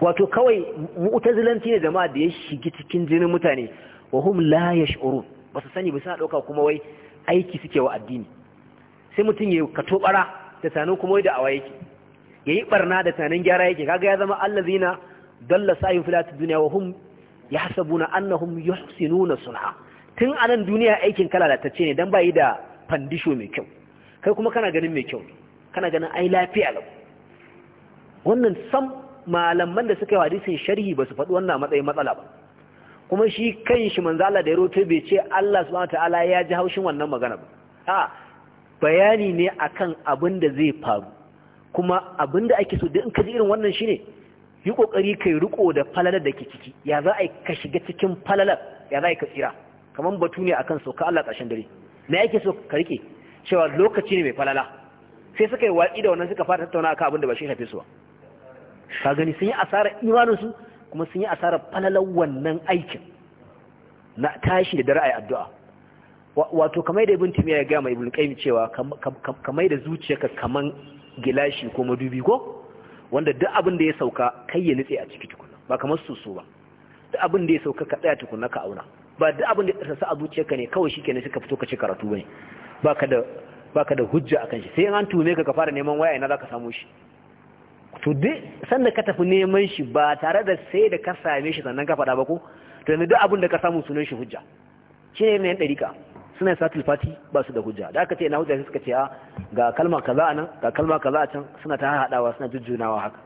wato kawai mu'tazilanci ne jama'a da ya shigi cikin jinin mutane wa hum la yash'urun ba su sani ba suna ɗauka kuma wai aiki suke wa addini sai mutum ya kato bara da sanin kuma wai da awa yake yayi barna da tanan gyara yake kaga ya zama allazina dalla sa'in filati dunya wa hum yahsabuna annahum yuhsinuna sun'a tun anan duniya aikin kala tace ne dan bayi da fandisho mai kyau kai kuma kana ganin mai kyau kana ganin ai lafiya lau wannan sam Malamman da suka yi hadisin sharhi ba su faɗi wannan matsayin matsala ba kuma shi kan shi manzala da ya roto bai ce Allah subhanahu ta'ala ya ji haushin wannan magana ba a bayani ne akan abin da zai faru kuma abin da ake so da in ka ji irin wannan shine yi kokari kai riko da falalar da ke ciki ya za a yi ka shiga cikin falalar ya za a yi ka tsira kamar batu ne akan sauka Allah kashin dare me yake so ka rike cewa lokaci ne mai falala sai suka yi watsi da wannan suka fara tattauna akan abin da ba shi shafe su ba ka gani sun yi asarar imaninsu kuma sun yi asarar falalar wannan aikin na tashi da dare a addu'a wato kamar da ibn timiya ya gaya mai ibn qayyim cewa kamar da zuciyarka kaman gilashi ko madubi ko wanda duk abin da ya sauka kai ya nutse a ciki tukuna ba kamar susu ba duk abin da ya sauka ka tsaya tukuna ka auna ba duk abin da ya tsarsa a zuciyarka ne kawai kenan suka fito ka ci karatu bane ka da baka da hujja akan shi sai an tume ka ka fara neman waya ina ka samu shi to duk sanda ka tafi neman shi ba tare da sai da ka same shi sannan ka faɗa ba ko to yanzu duk abin da ka samu sunan shi hujja shi ne yanayin ɗarika suna satul fati ba su da hujja da aka ce na hujja suka ce a ah, ga kalma kaza a nan ga kalma kaza a can suna ta haɗawa suna jujjunawa haka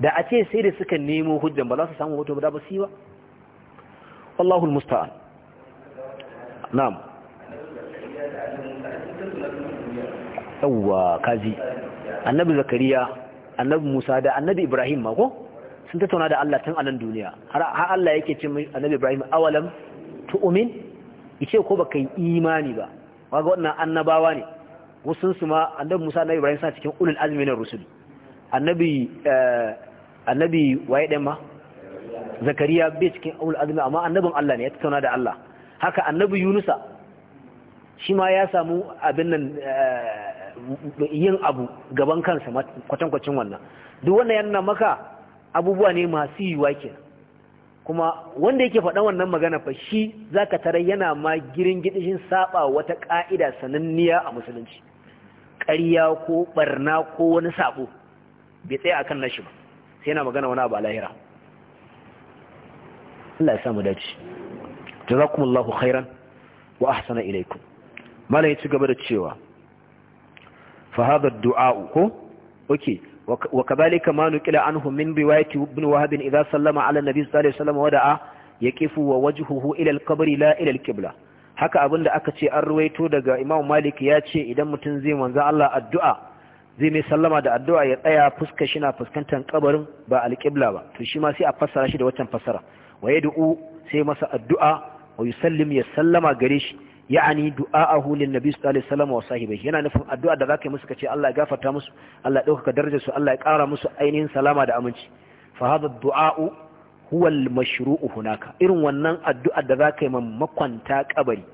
da a ce sai da suka nemo hujjan ba za su samu hoto ba da ba su yi ba wallahu musta'an na'am yawwa kaji annabi zakariya annabi Musa da annabi Ibrahim ma ko sun tattauna da Allah tun a nan duniya har Allah yake ce annabi Ibrahim awalam tu'min yace ko baka yi imani ba kaga wannan annabawa ne sun su ma annabi Musa annabi Ibrahim suna cikin ulul azmi na rusul annabi eh, annabi waye dan ma Zakariya bai cikin ulul azmi amma annabin Allah ne ya tattauna da Allah haka annabi Yunusa shi ma ya samu abin nan eh, yin abu gaban kansa kwatankwacin wannan duk wannan yana maka abubuwa ne masu yiwuwa wake kuma wanda yake faɗa wannan magana fa shi za ka tare yana ma girin gidishin saba wata ƙa'ida sananniya a musulunci ƙarya ko ɓarna ko wani sabo bai tsaya akan nashi ba sai yana magana wani abu a lahira Allah ya samu dace jazakumullahu khairan wa ahsana ilaikum malam ya ci gaba da cewa fa hadha du'a ko okay وكذلك ما نقل عنه من رواية ابن وهب إذا سلم على النبي صلى الله عليه وسلم ودعا يكف ووجهه إلى القبر لا إلى القبلة haka abin da aka ce an ruwaito daga Imam Malik ya ce idan mutum zai manzo Allah addu'a zai mai sallama da addu'a ya tsaya fuska shi na fuskantar kabarin ba alƙibla ba to shi ma sai a fassara shi da waccan fassara wa yad'u sai masa addu'a wa yusallim ya sallama gare shi ya'ani du'a a nabi sallallahu alaihi wasallam wa sahibihi yana nufin addu'a da zaka yi musu kace Allah ya gafarta musu Allah ya dauka darajar su Allah ya kara musu ainihin salama da aminci fa hadha du'a'u huwa al-mashru'u hunaka irin wannan addu'a da zaka yi makwanta kabari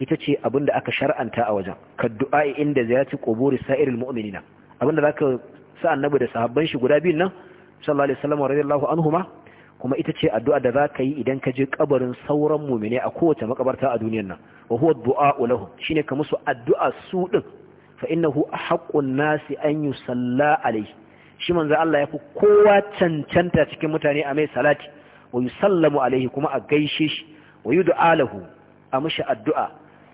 ita ce abin da aka shar'anta a wajen ka du'a'i inda ziyarci quburi irin mu'minina abin da zaka sa annabi da sahaban shi guda biyun nan sallallahu alaihi wasallam radiyallahu anhuma kuma ita ce addu'a da za ka yi idan ka je kabarin sauran mumine a kowace makabarta a duniyar nan wa huwa du'a lahu shine ka musu addu'a su din fa innahu haqqun nasi an yusalla alayhi shi manzo Allah ya fi kowa cancanta cikin mutane a mai salati wa yusallamu alayhi kuma a gaishe shi wa yud'a lahu a addu'a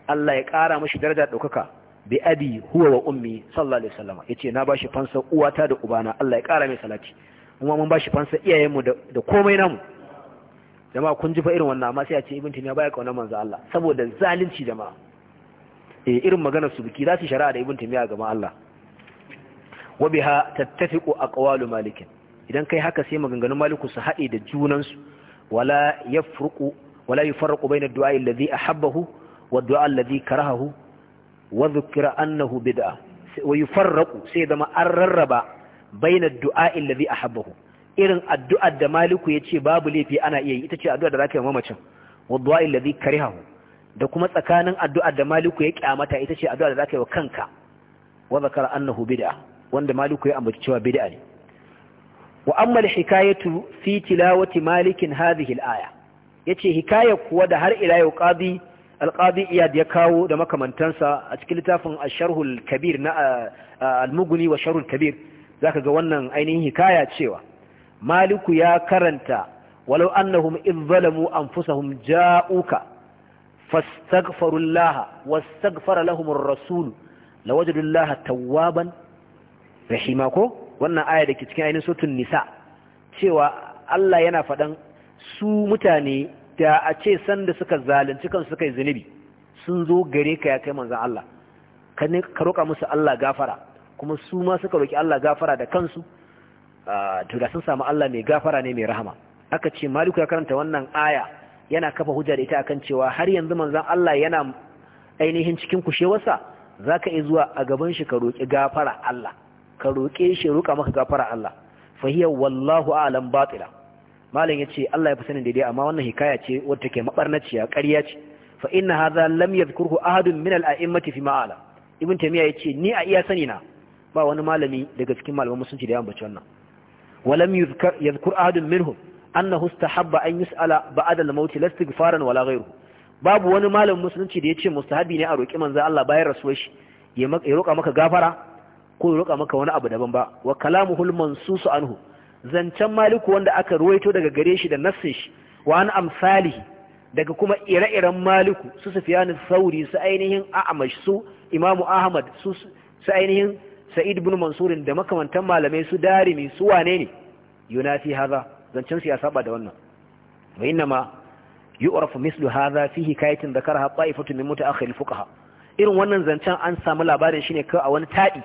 Allah ya ƙara mishi daraja ɗaukaka bi abi huwa wa ummi sallallahu alaihi wasallam yace na bashi fansa uwata da ubana Allah ya ƙara mai salati kuma mun bashi fansa iyayenmu da komai namu jama'a kun ji fa irin wannan amma sai a ce ibn tuniya baya kauna manzo Allah saboda zalunci jama'a eh irin maganar su biki za su shari'a da ibn tuniya gaban Allah wa biha tattafiqu aqwalu malik idan kai haka sai maganganun maliku su haɗe da junan su wala yafruqu wala yufarriqu bayna dua alladhi ahabbahu wa dua alladhi karahahu wa dhukira annahu bid'a wa yufarraqu sai zama an rarraba bainar du'a illazi ahabbahu irin addu'ar da maliku ya ce babu laifi ana iya yi ita ce addu'ar da zaka yi mamacin wa du'a illazi karihahu da kuma tsakanin addu'ar da maliku ya kyamata ita ce addu'ar da zaka yi wa kanka wa zakara annahu bid'a wanda maliku ya ambaci cewa bid'a ne wa amma hikayatu fi tilawati malikin hadhihi al-aya yace hikaya kuwa da har ila yau qadi al-qadi iyad ya kawo da makamantansa a cikin littafin asharhul kabir na al-mughni wa sharhul kabir za ka ga wannan ainihin hikaya cewa maliku ya karanta walau annahum in zalamu anfusahum ja'uka fastaghfirullaha wastaghfara rasulu la rasul laha Tawaban. rahima ko wannan aya da ke cikin ainihin sutun nisa cewa Allah yana faɗan su mutane da a ce sanda suka zalunci kansu suka yi zunubi sun zo gare ka ya kai manzan Allah ka roƙa musu Allah gafara kuma su ma suka roki Allah gafara da kansu to da sun samu Allah mai gafara ne mai rahama aka ce maliku ya karanta wannan aya yana kafa hujja da ita akan cewa har yanzu manzon Allah yana ainihin cikin kushewarsa zaka iya zuwa a gaban shi ka roki gafara Allah ka roke shi roka maka gafara Allah fa hiya wallahu a'lam batila malam yace Allah ya fi sanin daidai amma wannan hikaya ce wacce ke mabarnaciya ƙarya ce fa inna hadha lam yadhkurhu ahadun min al-a'immati fi ma'ala ibn tamiya yace ni a iya sani na ba wani malami daga cikin malaman musulunci da ya ambaci wannan walam yadhkur ahadun minhum annahu istahabba an yus'ala ba'da al-maut la istighfaran wala ghayruhu babu wani malamin musulunci da ya ce mustahabi ne a roki manzo Allah bayan rasuwar shi ya roka maka gafara ko ya roka maka wani abu daban ba wa kalamuhul mansusu anhu zancen maliku wanda aka ruwaito daga gare shi da nassin shi wa an amsalihi daga kuma ire-iren maliku su sufiyanu sauri su ainihin a'amash su imamu ahmad su ainihin sa'id ibn mansurin da makamantan malamai su darimi su wane ne fi haza zancen su ya saba da wannan wa inna ma yu'rafu mislu haza fi hikayatin mai ta'ifatu min mutaakhir fuqaha irin wannan zancen an samu labarin shine ka a wani taɗi.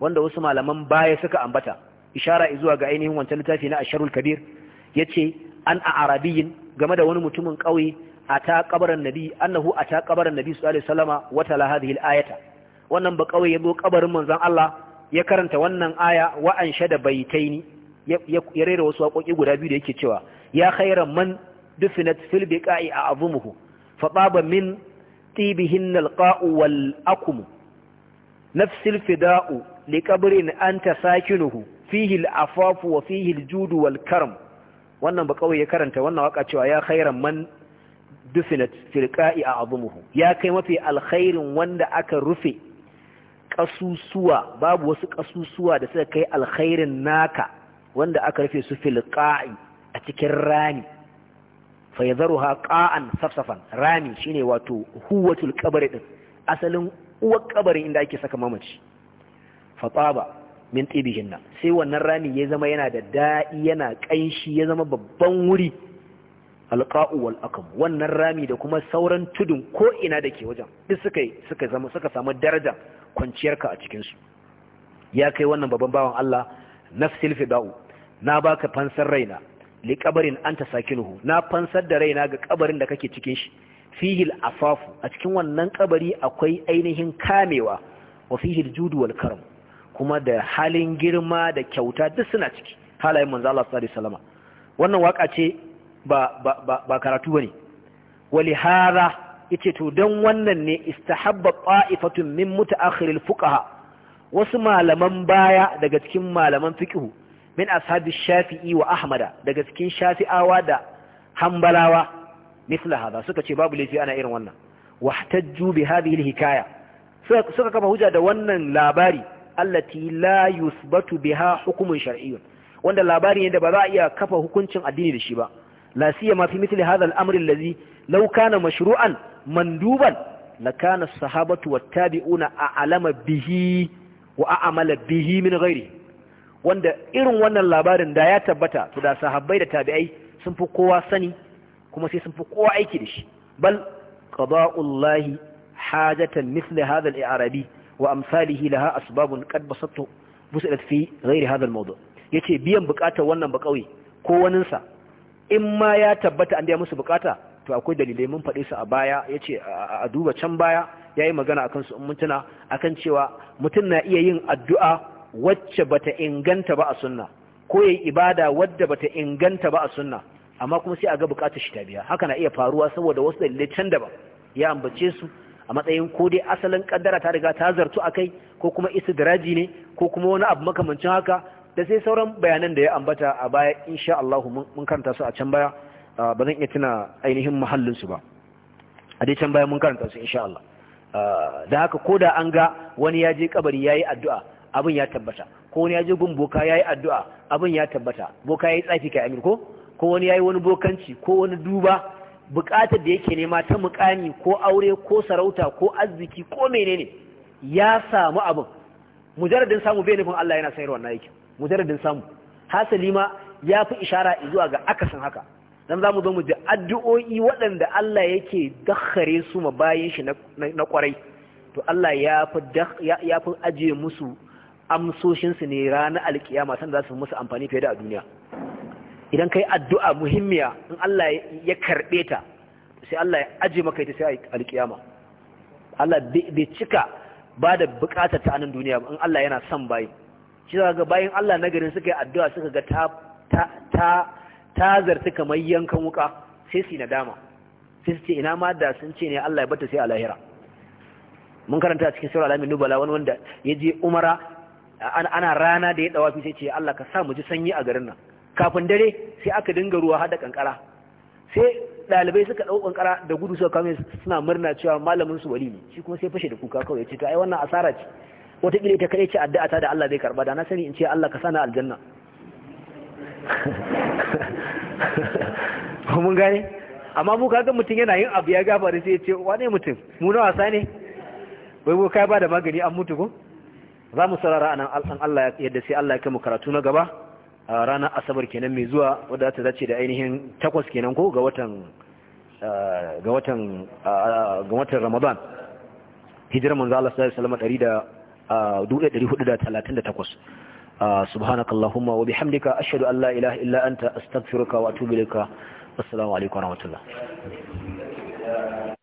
wanda wasu malaman baya suka ambata ishara izuwa ga ainihin wancan littafi na asharul kabir ce an a arabiyin game da wani mutumin ƙauye ata kabarin nabi annahu ata kabarin nabi sallallahu alaihi wasallama wa tala ayata wannan ba kawai ya zo kabarin manzon Allah ya karanta wannan aya wa an shada baitaini ya rera wasu waƙoƙi guda biyu da yake cewa ya khaira man dufinat fil biqa'i a azumuhu fa taba min tibihin alqa'u wal aqum nafsil fida'u li qabrin anta sakinuhu fihi al afafu wa fihi al judu wal wannan ba kawai ya karanta wannan waka cewa ya khairan man dufinat firqa'i a azumuhu ya kai mafi alkhairin wanda aka rufe ƙasusuwa babu wasu ƙasusuwa da suka kai alkhairin naka wanda aka rufe su filƙa'i a cikin rami fa yadharuha qa'an safsafan rami shine wato huwatul ƙabari din asalin uwar in inda ake saka mamaci fa taba min tibihinna sai wannan rami ya zama yana da daɗi, yana ƙanshi, ya zama babban wuri alqa'u wal wannan rami da kuma sauran tudun ko ina ke wajen duk suka suka zama suka samu daraja kwanciyarka a cikin su ya kai wannan babban bawan Allah nafsil fida'u na baka fansar raina li kabarin anta sakinuhu na fansar da raina ga kabarin da kake cikin shi fihi afafu a cikin wannan kabari akwai ainihin kamewa wa fihi aljudu wal karam kuma da halin girma da kyauta duk suna ciki halayen manzo Allah sallallahu alaihi wannan waka ce ba karatu ba ne wali hara yace to don wannan ne istahabba ƙa'ifatun min mutaakhiril fukaha wasu malaman baya daga cikin malaman fikihu min ashabi shafi'i wa ahmada daga cikin shafi'awa da hambalawa misla hada suka ce babu laifi ana irin wannan wahtajju bi hadhihi alhikaya suka kama hujja da wannan labari allati la yusbatu biha hukumun shar'iyyun wanda labari ne da ba za a iya kafa hukuncin addini da shi ba la siyama fi mithli hadha al-amr alladhi law kana mashru'an manduban lakana as-sahabatu wat-tabi'una a'lama bihi wa a'mala bihi min wanda irin wannan labarin da ya tabbata to da sahabbai da tabi'ai sun fi kowa sani kuma sai sun fi kowa aiki da shi bal qada'ullahi hajatan mithli hadha al-i'rabi wa amsalihi laha asbabun qad basattu busilat fi ghairi hadha al-mawdu' yace biyan bukatar wannan ba kauye ko waninsa in ma ya tabbata an daya musu bukata to akwai dalilai mun faɗe su a baya ya ce a duba can baya ya yi magana a kansu mutuna a kan cewa mutum na iya yin addu'a wacce bata inganta ba a sunna ko yi ibada wadda bata inganta ba a sunna amma kuma sai a ga bukatar shi ta biya haka na iya faruwa saboda wasu dalilai can daban ya ambace su a matsayin ko dai asalin kaddara ta riga ta zartu akai ko kuma istidraji ne ko kuma wani abu makamancin haka da sai sauran bayanan da ya ambata a baya insha Allah mun karanta su a can baya ah, ba zan iya tuna ainihin muhallin su ba a dai can baya mun karanta su insha Allah ah, da haka ko da an ga wani ya je kabari yayi addu'a abin ya tabbata ko wani ya je gun boka yayi addu'a abin ya tabbata boka yayi tsafi kai amir ko ko wani yayi wani bokanci ko wani duba bukatar da yake nema ta mukami ko aure ko sarauta ko arziki ko menene ya samu abin mujarradin samu bai nufin Allah yana sayarwa na yake mujarradin samu hasali ma ya fi ishara zuwa ga akasin haka dan mu zo mu ji addu'o'i waɗanda Allah yake dakhare su ma bayin shi na kwarai to Allah ya fi ya musu amsoshin ne ranar alkiyama san za su musu amfani fiye da a duniya idan kai addu'a muhimmiya in Allah ya karbe ta sai Allah ya aje maka ita sai alkiyama Allah bai cika ba da bukatar ta anan duniya ba in Allah yana son bayi cewa ga bayan Allah na garin suka yi addu'a suka ga ta zarta kamar yankan wuka sai su nadama sai su ce ina ma da sun ce ne Allah ya bata sai a lahira mun karanta a cikin sura alamin nubala wani wanda ya je umara ana rana da ya dawa fi sai ce Allah ka sa mu ji sanyi a garin nan kafin dare sai aka dinga ruwa hada kankara sai dalibai suka ɗau kankara da gudu suka kame suna murna cewa malamin su wali ne shi kuma sai fashe da kuka kawai ya ce to ai wannan asara ce wataƙila ita kaɗai ce addu'a ta da Allah zai karɓa da na sani in ce Allah ka sana aljanna mun gane amma mu kaga mutum yana yin abu ya gafa da sai ya ce wane mutum mu na wasa ne wai ko kai ba da magani an mutu ko za mu sarara anan an Allah yadda sai Allah ya kai mu karatu na gaba ranar asabar kenan mai zuwa wadda ta zace da ainihin takwas kenan ko ga watan ga watan ga watan Ramadan hijirar manzo Allah sallallahu alaihi wasallam 1438 ah, subhanakallahumma wa bihamdika ashhadu an la ilaha illa anta astaghfiruka wa atubu ilaika assalamu alaikum wa rahmatullah